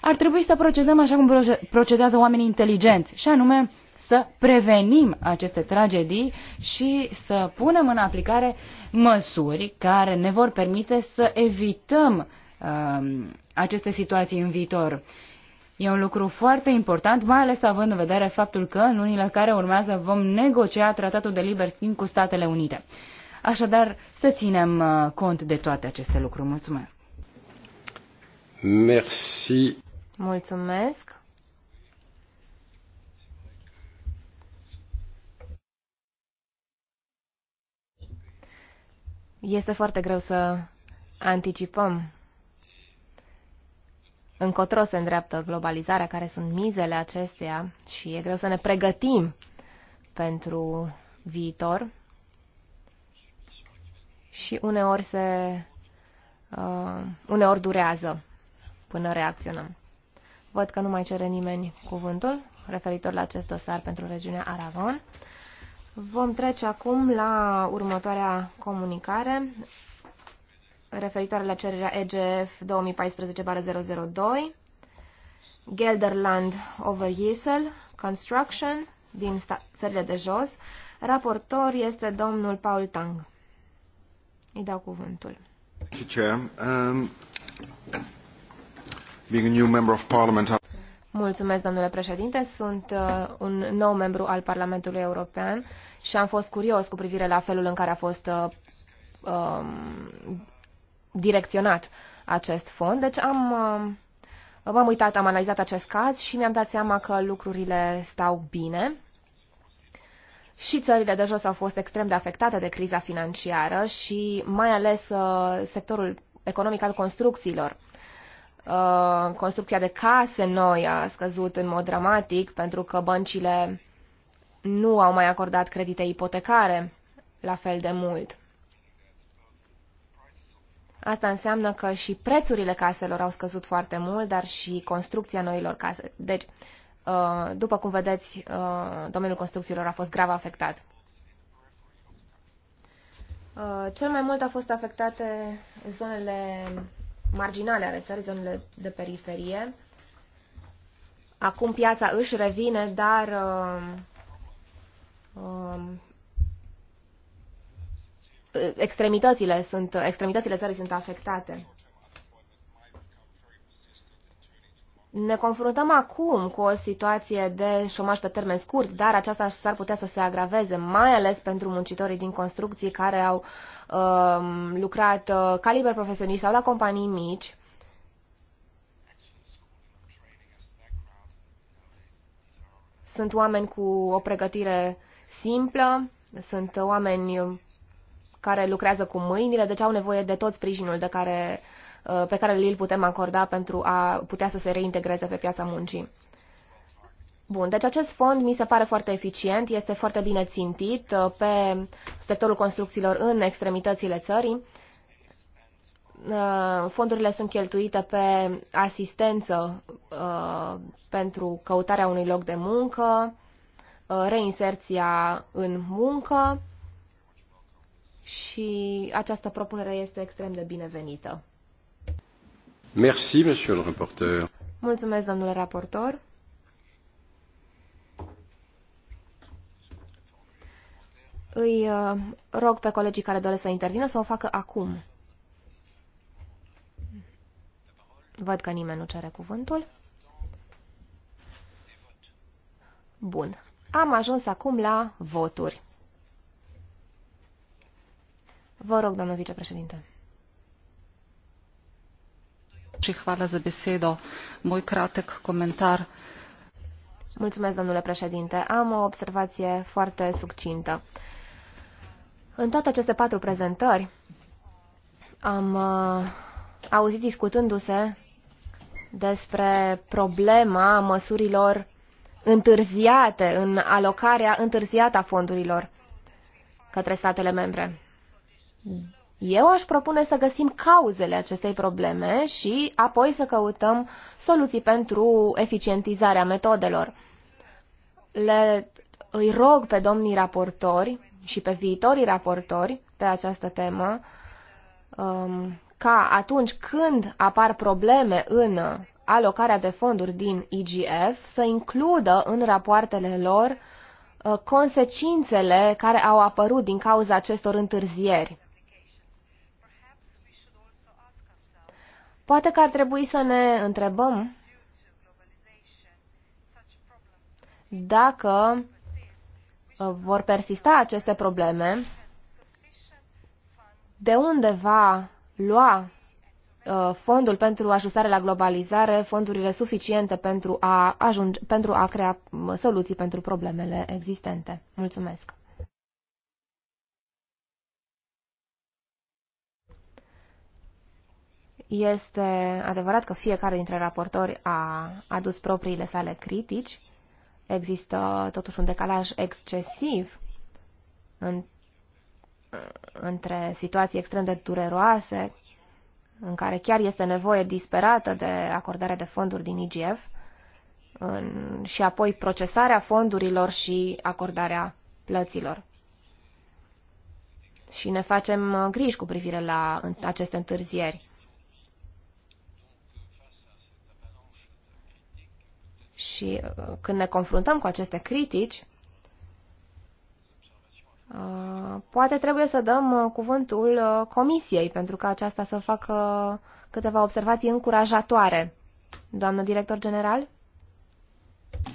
Ar trebui să procedăm așa cum procedează oamenii inteligenți, și anume să prevenim aceste tragedii și să punem în aplicare măsuri care ne vor permite să evităm uh, aceste situații în viitor. E un lucru foarte important, mai ales având în vedere faptul că în lunile care urmează vom negocia tratatul de liber schimb cu Statele Unite. Așadar, să ținem uh, cont de toate aceste lucruri. Mulțumesc! Merci. Mulțumesc! Este foarte greu să anticipăm încotro se îndreaptă globalizarea, care sunt mizele acesteia și e greu să ne pregătim pentru viitor. Și uneori se uh, uneori durează până reacționăm. Văd că nu mai cere nimeni cuvântul referitor la acest dosar pentru regiunea Aragon. Vom trece acum la următoarea comunicare, referitoare la cererea EGF 2014-002, Gelderland over Yesel Construction din țările de jos. Raportor este domnul Paul Tang. Îi dau cuvântul. Um, Mulțumesc, domnule președinte. Sunt uh, un nou membru al Parlamentului European și am fost curios cu privire la felul în care a fost uh, um, direcționat acest fond. Deci am, uh, v am uitat, am analizat acest caz și mi-am dat seama că lucrurile stau bine. Și țările de jos au fost extrem de afectate de criza financiară și mai ales uh, sectorul economic al construcțiilor. Uh, construcția de case noi a scăzut în mod dramatic pentru că băncile nu au mai acordat credite ipotecare la fel de mult. Asta înseamnă că și prețurile caselor au scăzut foarte mult, dar și construcția noilor case. Deci, uh, după cum vedeți, uh, domeniul construcțiilor a fost grav afectat. Uh, cel mai mult au fost afectate zonele marginale ale țării, zonele de periferie. Acum piața își revine, dar um, extremitățile, sunt, extremitățile țării sunt afectate. Ne confruntăm acum cu o situație de șomaj pe termen scurt, dar aceasta s-ar putea să se agraveze, mai ales pentru muncitorii din construcții care au uh, lucrat uh, ca liber profesioniști sau la companii mici. Sunt oameni cu o pregătire simplă, sunt oameni care lucrează cu mâinile, deci au nevoie de tot sprijinul de care, uh, pe care îl putem acorda pentru a putea să se reintegreze pe piața muncii. Bun, deci acest fond mi se pare foarte eficient, este foarte bine țintit uh, pe sectorul construcțiilor în extremitățile țării. Uh, fondurile sunt cheltuite pe asistență pentru căutarea unui loc de muncă, reinserția în muncă și această propunere este extrem de binevenită. Merci, monsieur le reporter. Mulțumesc, domnule raportor. Îi uh, rog pe colegii care doresc să intervină să o facă acum. Văd că nimeni nu cere cuvântul. Bun. Am ajuns acum la voturi. Vă rog, domnul vicepreședinte. Și hvala za besedo. Moj kratek komentar. Mulțumesc, domnule președinte. Am o observație foarte succintă. În toate aceste patru prezentări am uh, auzit discutându-se despre problema măsurilor întârziate în alocarea întârziată a fondurilor către statele membre. Eu aș propune să găsim cauzele acestei probleme și apoi să căutăm soluții pentru eficientizarea metodelor. Le, îi rog pe domnii raportori și pe viitorii raportori pe această temă um, ca atunci când apar probleme în alocarea de fonduri din IGF să includă în rapoartele lor uh, consecințele care au apărut din cauza acestor întârzieri Poate că ar trebui să ne întrebăm dacă uh, vor persista aceste probleme, de unde va lua uh, fondul pentru ajustare la globalizare, fondurile suficiente pentru a, ajunge, pentru a crea uh, soluții pentru problemele existente. Mulțumesc! Este adevărat că fiecare dintre raportori a adus propriile sale critici. Există totuși un decalaj excesiv în, între situații extrem de dureroase, în care chiar este nevoie disperată de acordarea de fonduri din IGF, în, și apoi procesarea fondurilor și acordarea plăților. Și ne facem uh, griji cu privire la aceste întârzieri. Și uh, când ne confruntăm cu aceste critici, uh, poate trebuie să dăm uh, cuvântul comisiei, pentru că aceasta să facă câteva observații încurajatoare. Doamnă director general?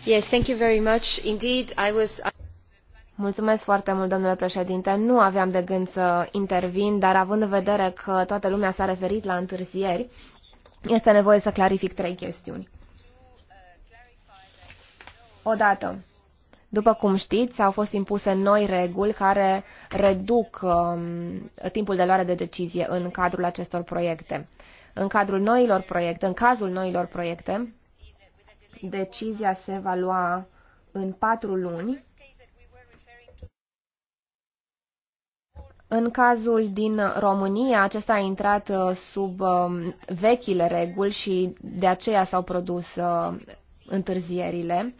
Yes, thank you very much. Indeed, I was... Mulțumesc foarte mult, domnule președinte. Nu aveam de gând să intervin, dar având în vedere că toată lumea s-a referit la întârzieri, este nevoie să clarific trei chestiuni odată. După cum știți, au fost impuse noi reguli care reduc um, timpul de luare de decizie în cadrul acestor proiecte. În cadrul noilor proiecte, în cazul noilor proiecte, decizia se va lua în patru luni. În cazul din România, acesta a intrat uh, sub um, vechile reguli și de aceea s-au produs uh, întârzierile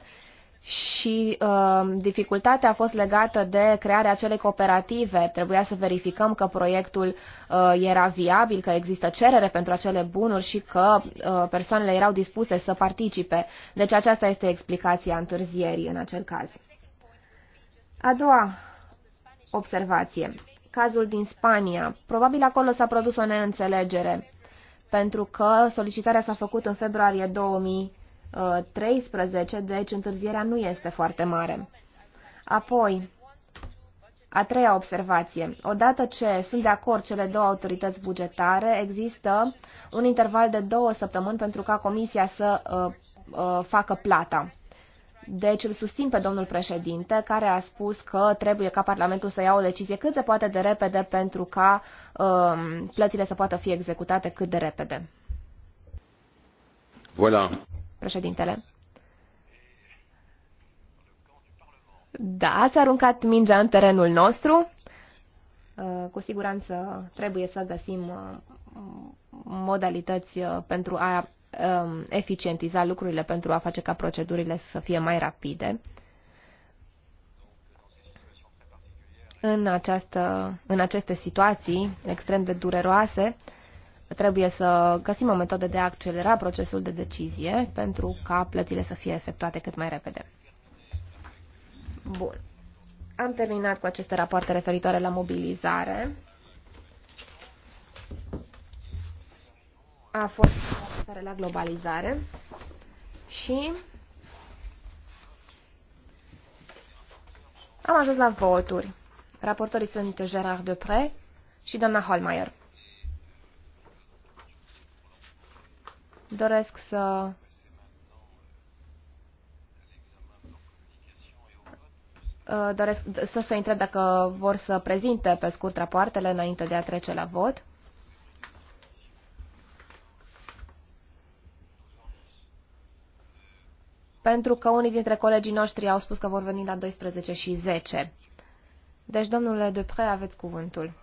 și uh, dificultatea a fost legată de crearea acelei cooperative. Trebuia să verificăm că proiectul uh, era viabil, că există cerere pentru acele bunuri și că uh, persoanele erau dispuse să participe. Deci aceasta este explicația întârzierii în acel caz. A doua observație. Cazul din Spania. Probabil acolo s-a produs o neînțelegere, pentru că solicitarea s-a făcut în februarie 2000 13, deci întârzierea nu este foarte mare. Apoi, a treia observație. Odată ce sunt de acord cele două autorități bugetare, există un interval de două săptămâni pentru ca Comisia să uh, uh, facă plata. Deci îl susțin pe domnul președinte care a spus că trebuie ca Parlamentul să ia o decizie cât se poate de repede pentru ca uh, plățile să poată fi executate cât de repede. Voilà președintele. Da, ați aruncat mingea în terenul nostru. Uh, cu siguranță trebuie să găsim uh, modalități uh, pentru a um, eficientiza lucrurile, pentru a face ca procedurile să fie mai rapide. În, această, în aceste situații extrem de dureroase, trebuie să găsim o metodă de a accelera procesul de decizie pentru ca plățile să fie efectuate cât mai repede. Bun. Am terminat cu aceste rapoarte referitoare la mobilizare. A fost rapoartele la globalizare și am ajuns la voturi. Raportorii sunt Gerard Depre și doamna Holmeier. Doresc să uh, doresc să se întreb dacă vor să prezinte pe scurt rapoartele înainte de a trece la vot. Pentru că unii dintre colegii noștri au spus că vor veni la 12 și 10. Deci, domnule Dupre, aveți cuvântul.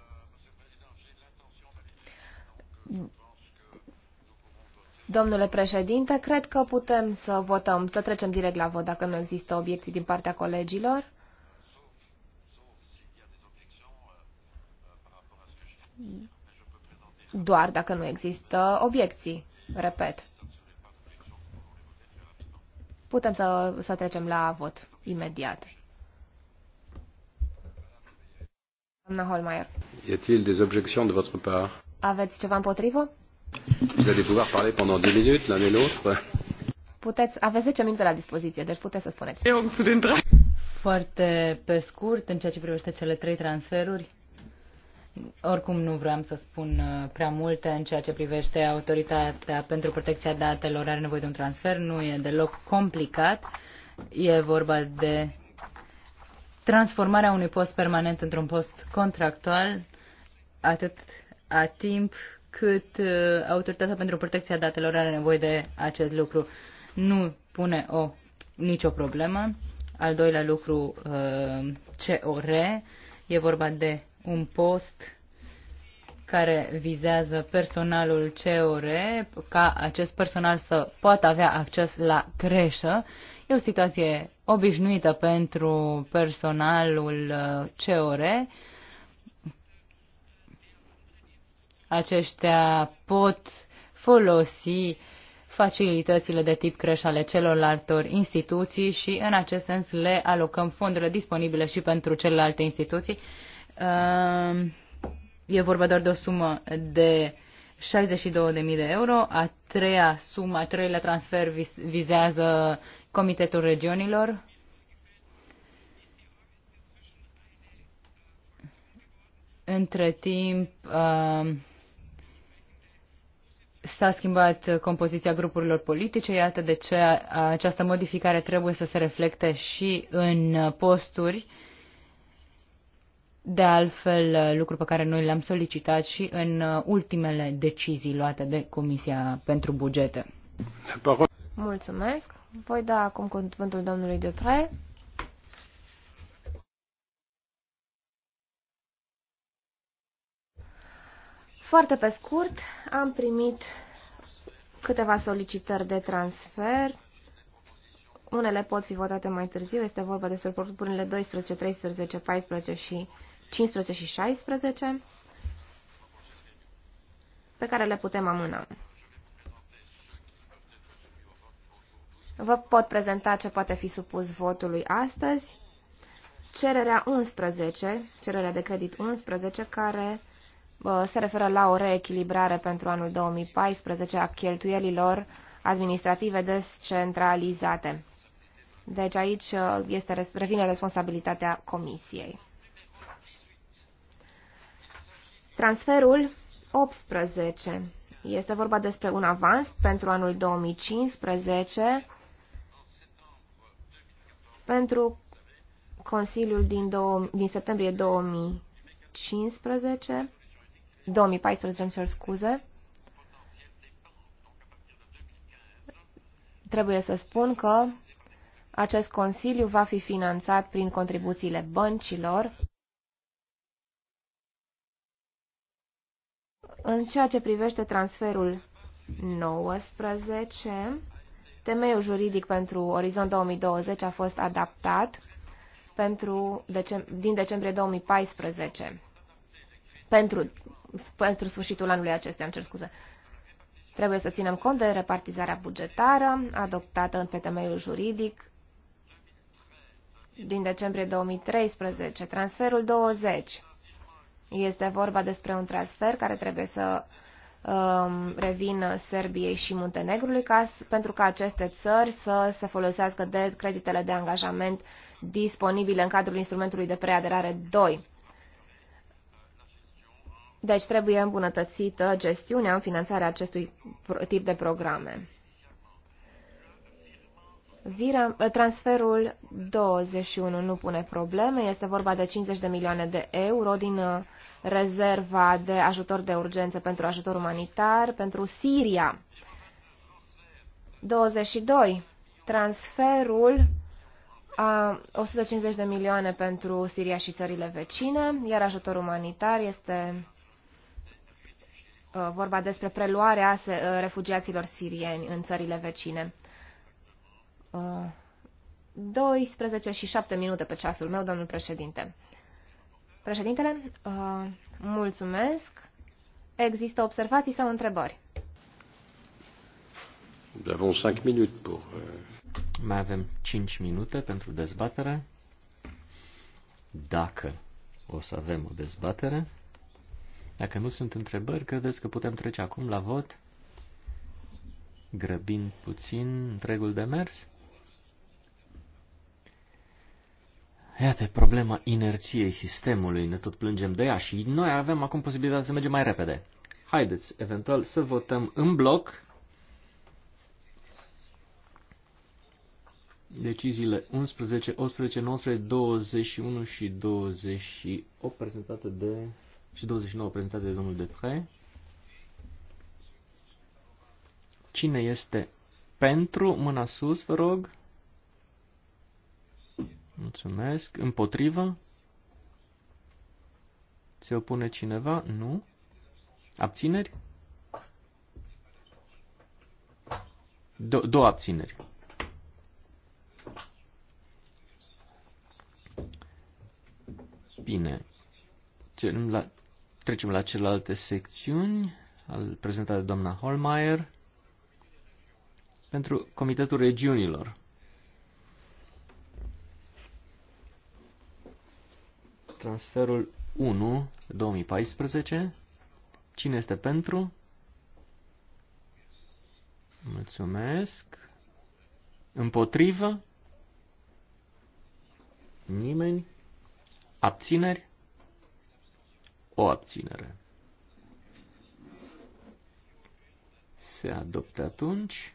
Domnule președinte, cred că putem să votăm, să trecem direct la vot dacă nu există obiecții din partea colegilor. Doar dacă nu există obiecții, repet. Putem să, să trecem la vot imediat. Doamna Holmeier. Y a-t-il des objections de votre part? Aveți ceva împotrivă? Vous allez pouvoir parler pendant 10 minutes l'un et l'autre. Puteți, aveți 10 minute la dispoziție, deci puteți să spuneți. Foarte pe scurt, în ceea ce privește cele trei transferuri, oricum nu vreau să spun uh, prea multe în ceea ce privește autoritatea pentru protecția datelor are nevoie de un transfer, nu e deloc complicat. E vorba de transformarea unui post permanent într-un post contractual atât a timp cât uh, Autoritatea pentru Protecția Datelor are nevoie de acest lucru. Nu pune o, nicio problemă. Al doilea lucru, uh, COR, e vorba de un post care vizează personalul COR, ca acest personal să poată avea acces la creșă. E o situație obișnuită pentru personalul uh, COR aceștia pot folosi facilitățile de tip creș ale celorlaltor instituții și în acest sens le alocăm fondurile disponibile și pentru celelalte instituții. Ehm, e vorba doar de o sumă de 62.000 de euro. A treia sumă, a treilea transfer vizează Comitetul Regiunilor. Între timp, uh, S-a schimbat compoziția grupurilor politice, iată de ce această modificare trebuie să se reflecte și în posturi. De altfel, lucru pe care noi l-am solicitat și în ultimele decizii luate de Comisia pentru Bugete. Mulțumesc. Voi da acum cuvântul domnului Depre Foarte pe scurt, am primit câteva solicitări de transfer. Unele pot fi votate mai târziu, este vorba despre propunerile 12, 13, 14 și 15 și 16, pe care le putem amâna. Vă pot prezenta ce poate fi supus votului astăzi. Cererea 11, cererea de credit 11, care Uh, se referă la o reechilibrare pentru anul 2014 a cheltuielilor administrative descentralizate. Deci aici uh, este, revine responsabilitatea Comisiei. Transferul 18. Este vorba despre un avans pentru anul 2015 pentru Consiliul din, din septembrie 2015 2014, îmi cer scuze. Trebuie să spun că acest consiliu va fi finanțat prin contribuțiile băncilor. În ceea ce privește transferul 19, temeiul juridic pentru Orizont 2020 a fost adaptat pentru decem din decembrie 2014 pentru, pentru sfârșitul anului acestuia, îmi cer scuze. Trebuie să ținem cont de repartizarea bugetară adoptată pe temeiul juridic din decembrie 2013. Transferul 20 este vorba despre un transfer care trebuie să um, revină Serbiei și Muntenegrului ca, pentru ca aceste țări să se folosească de creditele de angajament disponibile în cadrul instrumentului de preaderare 2. Deci trebuie îmbunătățită gestiunea în finanțarea acestui tip de programe. Ă, transferul 21 nu pune probleme, este vorba de 50 de milioane de euro din ă, rezerva de ajutor de urgență pentru ajutor umanitar pentru Siria. 22. Transferul a 150 de milioane pentru Siria și țările vecine, iar ajutor umanitar este Uh, vorba despre preluarea uh, refugiaților sirieni în țările vecine. 12 uh, și 7 minute pe ceasul meu, domnul președinte. Președintele, mulțumesc. Există observații sau întrebări? 5 pour... Euh, Mai avem 5 minute pentru dezbatere. Dacă o să avem o dezbatere, dacă nu sunt întrebări, credeți că putem trece acum la vot? Grăbind puțin întregul mers? Iată problema inerției sistemului, ne tot plângem de ea și noi avem acum posibilitatea să mergem mai repede. Haideți, eventual, să votăm în bloc deciziile 11, 18, 19, 21 și 28 prezentate de și 29 prezentate de domnul Depre. Cine este pentru? Mâna sus, vă rog. Mulțumesc. Împotrivă? Se opune cineva? Nu. Abțineri? Do- două abțineri. Bine. Cerem la Trecem la celelalte secțiuni al prezentat de doamna Holmeier pentru Comitetul Regiunilor. Transferul 1 2014. Cine este pentru? Mulțumesc. Împotrivă? Nimeni? Abțineri? o abținere. Se adoptă atunci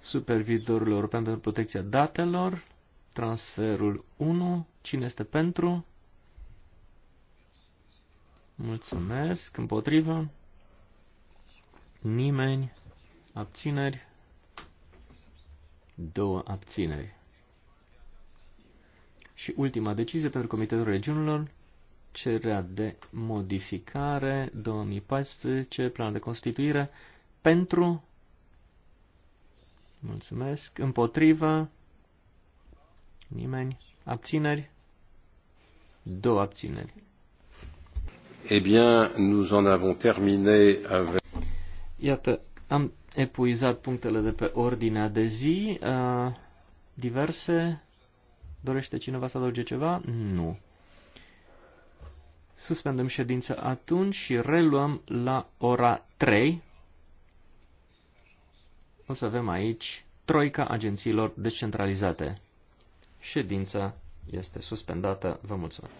Supervizorul european pentru protecția datelor, transferul 1, cine este pentru? Mulțumesc, împotrivă, nimeni, abțineri, două abțineri. Și ultima decizie pentru Comitetul Regiunilor, cererea de modificare 2014, plan de constituire, pentru, mulțumesc, împotrivă, nimeni, abțineri, două abțineri. Eh bien, nous en avons terminé avec... Iată, am epuizat punctele de pe ordinea de zi. Uh, diverse. Dorește cineva să adauge ceva? Nu. Suspendăm ședința atunci și reluăm la ora 3. O să avem aici Troica Agențiilor Decentralizate. Ședința este suspendată. Vă mulțumesc!